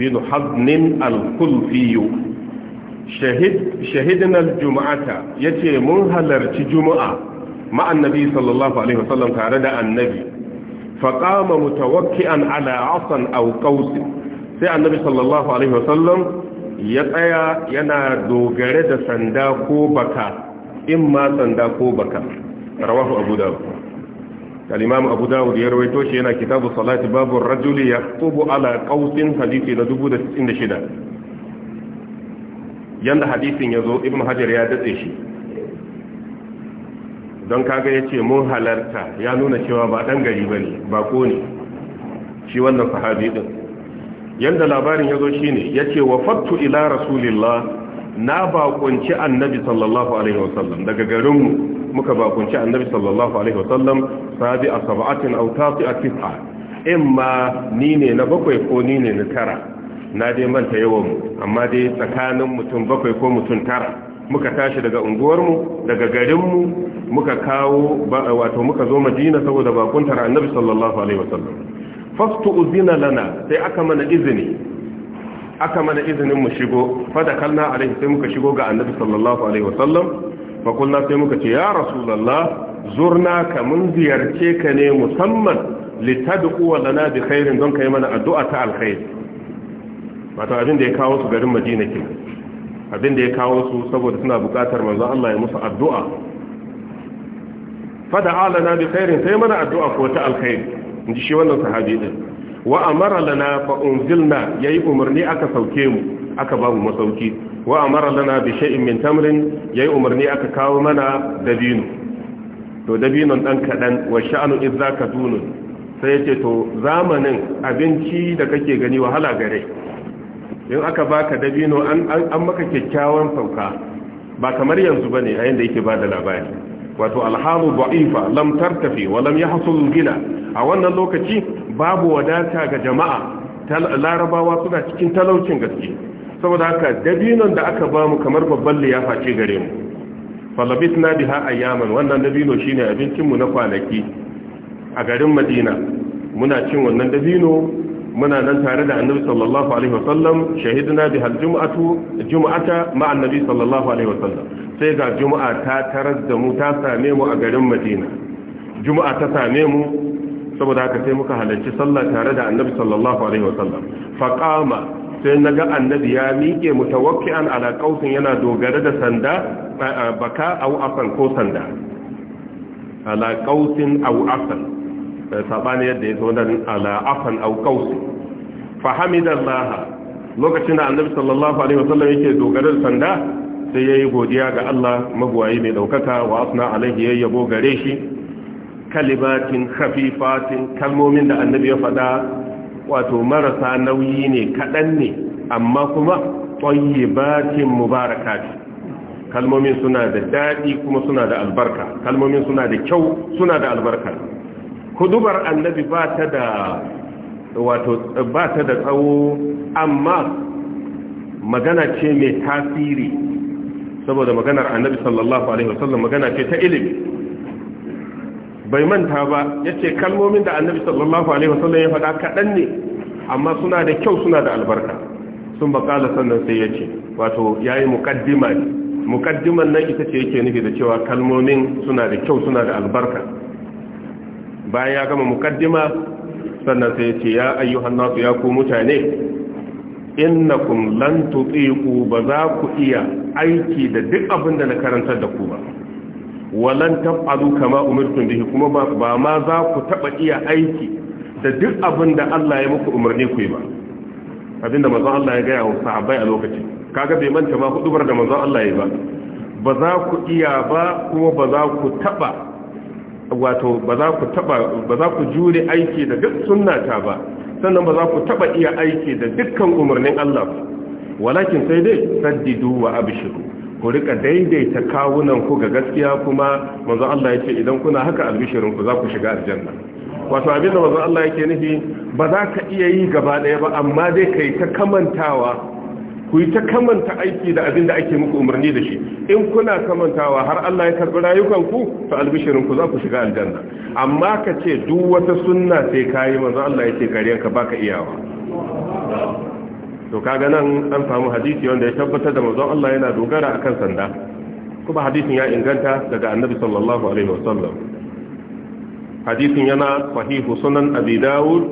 bin haznin alkulfiyu shahidin juma'ata ya ce mun halarci juma'a ma'an sallallahu alaihi wasallam tare da annabi faƙama mutawakki'an ala asan au sai annabi sallallahu alaihi wasallam ya tsaya yana dogare da sanda ko baka in ma sanda ko baka rawahu abu dawud al abu dawud ya rawaito shi yana kitabu salati babu rajuli yaqtubu ala qausin hadisi na 2006 yanda hadisin yazo ibn hajar ya shi don kaga yace mun halarta ya nuna cewa ba dan gari ba ko ne shi wannan sahabi din yanda labarin yazo shine yace wafattu ila rasulillah na baƙunci annabi sallallahu alaihi wasallam daga garinmu muka bakunci annabi sallallahu alaihi wasallam sabi a sab'atin aw tasi'a tis'a imma ni ne na bakwai ko ni ne na tara na dai manta yawan mu amma dai tsakanin mutum bakwai ko mutum tara muka tashi daga unguwarmu daga garinmu muka kawo wato muka zo madina saboda bakuntar annabi sallallahu alaihi wasallam fastu uzina lana sai aka mana izini aka mana izinin mu shigo fadakalna alaihi sai muka shigo ga annabi sallallahu alaihi wasallam fakulna sai muka ce ya rasulallah zurna ka mun ziyarce ka ne musamman litad'u wa lana bi khairin don kai mana addu'a ta alkhair wato abin da ya kawo su garin Madina ke abin da ya kawo su saboda suna bukatar manzon Allah ya musu addu'a fada'a lana bi khairin sai mana addu'a ko ta alkhair ji shi wannan sahabi din wa amara lana fa ya yi umarni aka sauke mu aka babu masauki wa amara lana bi shay'in min tamrin yayi umarni aka kawo mana dabino to dabinon ɗan kaɗan wa sha'nu idza dunu sai yace to zamanin abinci da kake gani wahala gare in aka baka dabino an maka kyakkyawan sauka ba kamar yanzu bane a yanda yake bada labari wato alhamu baifa lam tartafi wa lam yahsul gina a wannan lokaci babu wadata ga jama'a larabawa suna cikin talaucin gaske saboda haka dabinon da aka bamu kamar babban liyafa ce gare mu falabit na biha ayyaman wannan dabino shine abincin mu na kwanaki a garin madina muna cin wannan dabino muna nan tare da annabi sallallahu alaihi wasallam shahidna bi aljum'atu jum'ata ma annabi sallallahu alaihi wasallam sai ga jum'a ta tarar da mu ta same mu a garin Madina jum'a ta same mu saboda haka sai muka halarci sallah tare da annabi sallallahu alaihi wasallam faqama sai na ga annabi ya miƙe mutawakki'an ala qausin yana dogara da sanda baka au afan ko sanda ala qausin au afan eh, sabani yadda ya zo nan ala afan au qausin fa hamidallah lokacin da annabi sallallahu alaihi wasallam yake dogara da sanda sai ya yi godiya ga Allah magwayi mai ɗaukaka. wa asna alaihi yabo gare shi kalimatin khafifatin kalmomin da annabi ya faɗa wato marasa nauyi ne kaɗan ne amma kuma tsayyibatin mubarakati kalmomin suna da daɗi kuma suna da albarka kalmomin suna da kyau suna da albarka kudubar annabi ba ta da wato ba ta da tsawo amma magana ce mai tasiri saboda maganar annabi sallallahu alaihi wasallam magana ce ta ilimi bai manta ba yace kalmomin da annabi sallallahu alaihi wasallam ya faɗa kaɗan ne amma suna da kyau suna da albarka sun bakala sannan sai yace wato yayi muqaddima ne muqaddiman nan ita ce yake nufi da cewa kalmomin suna da kyau suna da albarka bayan ya gama muqaddima sannan sai yace ya ayyuhan nasu ya ku mutane innakum lan tuqiqu ba za ku iya aiki da duk abin da na karantar da ku ba walan taf'alu kama umirtum bihi kuma ba ma za ku taba iya aiki da duk abin da Allah ya muku umarni ku yi ba abinda manzon Allah ya ga yawo sahabbai a lokaci kaga bai manta ma hudubar da manzon Allah ya yi ba ba za ku iya ba kuma ba za ku taba wato ba za ku taba ba za ku jure aiki da duk ta ba sannan ba za ku taba iya aiki da dukkan umarnin Allah walakin sai dai saddidu wa abshiru ku rika daidaita kawunan ku ga gaskiya kuma manzo Allah yake idan kuna haka albishirin ku za ku shiga aljanna wato abinda manzo Allah yake nufi ba za ka iya yi gaba daya ba amma dai kai ta kamantawa ku yi ta kamanta aiki da abinda ake muku umarni da shi in kuna kamantawa har Allah ya karbi rayukan ku to albishirin ku za ku shiga aljanna amma ka ce duk wata sunna sai kayi manzo Allah yake ka baka iyawa to kaga nan an samu hadisi wanda ya tabbatar da manzon Allah yana dogara a kan sanda kuma hadisin ya inganta daga annabi sallallahu alaihi wasallam hadisin yana sahihu sunan abi dawud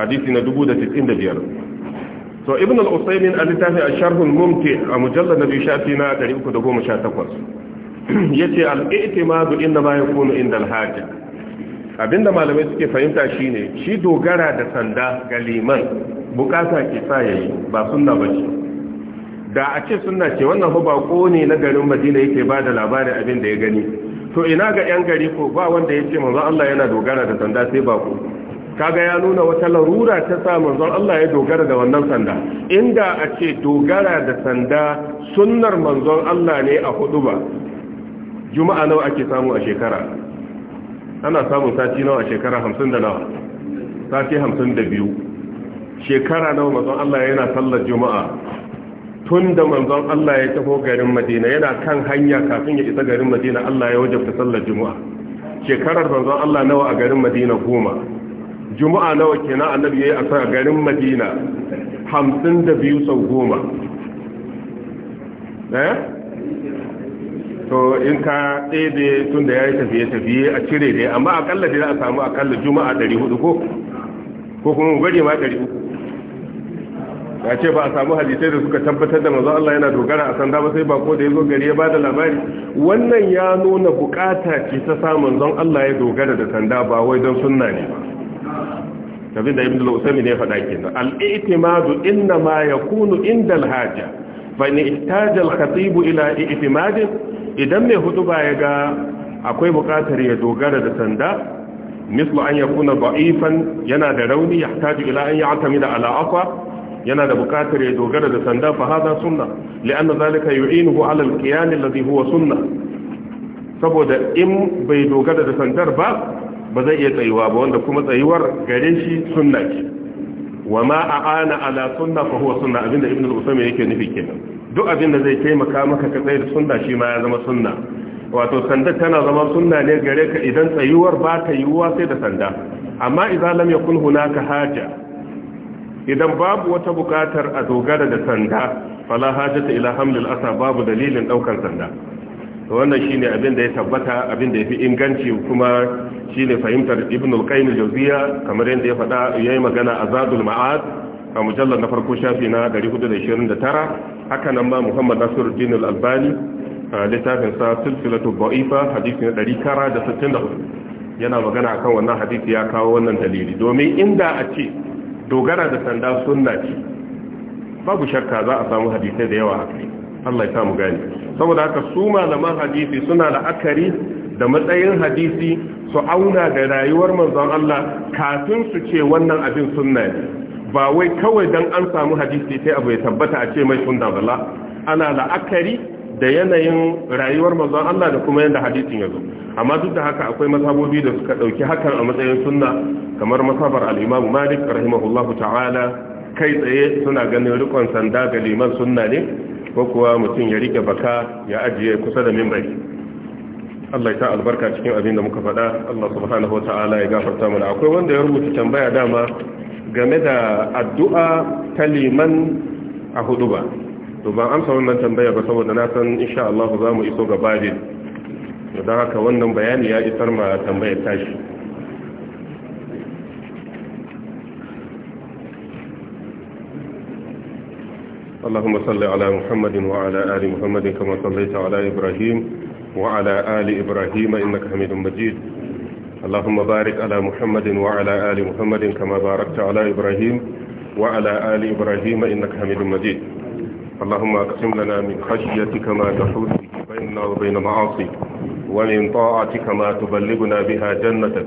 hadisi na dubu da da biyar. to ibn al-usaymin al-tafi al-sharh al-mumti a mujallad nabi shafi na 318 yace al-i'timadu inna ma yakunu inda al-hajah abinda malamai suke fahimta shine shi dogara da sanda ga liman bukata ke sa yayi ba sunna ce da a ce sunna ce wannan fa bako ne na garin Madina yake ba da labarin abin da ya gani to ina ga yan gari ko ba wanda ya ce manzo Allah yana dogara da sanda sai bako kaga ya nuna wata larura ta sa manzon Allah ya dogara da wannan sanda inda a ce dogara da sanda sunnar manzon Allah ne a hudu ba juma'a nawa ake samu a shekara ana samun sati nawa a shekara hamsin da nawa sati hamsin da biyu shekara nawa mazan Allah yana sallar juma'a tun da manzon Allah ya taho garin madina yana kan hanya kafin ya isa garin madina Allah ya wajabta sallar juma'a shekarar manzon Allah nawa a garin madina goma juma'a nawa kenan annabi yi a garin madina hamsin da biyu sau goma eh to in ka tsebe tun da ya yi tafiye-tafiye a cire dai amma akalla dai za a samu akalla juma'a 400 ko ko kuma gwaje ma 300 ya ce ba a samu hadisai da suka tabbatar da mazu Allah yana dogara a sanda ba sai ba ko da ya zo gari ya bada labari wannan ya nuna bukata ce ta samun zan Allah ya dogara da sanda ba wai don sunna ne ba tabi da ibnu ne faɗa kenan al-i'timadu inna ma kunu inda al-haja fani ihtajal katibu ila i'timadin idan mai hutuba ya ga akwai bukatar ya dogara da sanda mislu an yakuna da'ifan yana da rauni yahtaju ila an ya'tamida ala aqwa yana da bukatar ya dogara da sanda fa hada sunna li'anna zalika yu'inuhu ala al-qiyam alladhi huwa sunna saboda in bai dogara da sandar ba ba zai iya tsayuwa ba wanda kuma tsayuwar gare shi sunna ce wa ma Ana ala sunna fa huwa sunna abinda ibnu al-usaymi yake nufi kenan duk abinda zai taimaka maka ka tsaye da sunna shi ma ya zama sunna wato sanda tana zama sunna ne gare ka idan tsayuwar ba ta yiwuwa sai da sanda amma idan lam yakun hunaka haja idan babu wata bukatar a dogara da sanda fala hajata ila hamlil asa babu dalilin daukar sanda wannan ne abin da ya tabbata abin da fi inganci kuma shine fahimtar ibn al-qayyim al-jawziya kamar yadda ya faɗa yayi magana a zadul ma'ad a mujallar na farko shafi na 429 haka nan ma muhammad nasiruddin al-albani littafin sa silsilatu da'ifa hadisi na 964 yana magana akan wannan hadisi ya kawo wannan dalili domin inda a ce dogara da sanda sunna ce babu shakka za a samu hadisai da yawa a kai Allah ya samu gani saboda haka su malaman hadisi suna la'akari da matsayin hadisi su auna da rayuwar manzon Allah kafin su ce wannan abin sunna ne ba wai kawai dan an samu hadisi sai abu ya tabbata a ce mai sunna bala ana la'akari da yanayin rayuwar manzon Allah da kuma yanda hadisin ya zo amma duk da haka akwai mazhabobi da suka dauki hakan a matsayin sunna kamar masabar al-Imam Malik rahimahullahu ta'ala kai tsaye suna ganin rikon sanda ga liman sunna ne ko kuwa mutum ya rike baka ya ajiye kusa da mimbari Allah ya ta albarka cikin abin da muka faɗa Allah subhanahu ta'ala ya gafarta mana akwai wanda ya rubuta tambaya dama game da addu'a ta liman a hudu ba to ban amsa wannan tambaya ba saboda na san insha Allah za mu iso ga babin don haka wannan bayani ya isar ma tambayar tashi اللهم صل على محمد وعلى آل محمد كما صليت على إبراهيم وعلى آل إبراهيم إنك حميد مجيد اللهم بارك على محمد وعلى آل محمد كما باركت على إبراهيم وعلى آل إبراهيم إنك حميد مجيد اللهم اقسم لنا من خشيتك ما تحول بيننا وبين معاصيك ومن طاعتك ما تبلغنا بها جنتك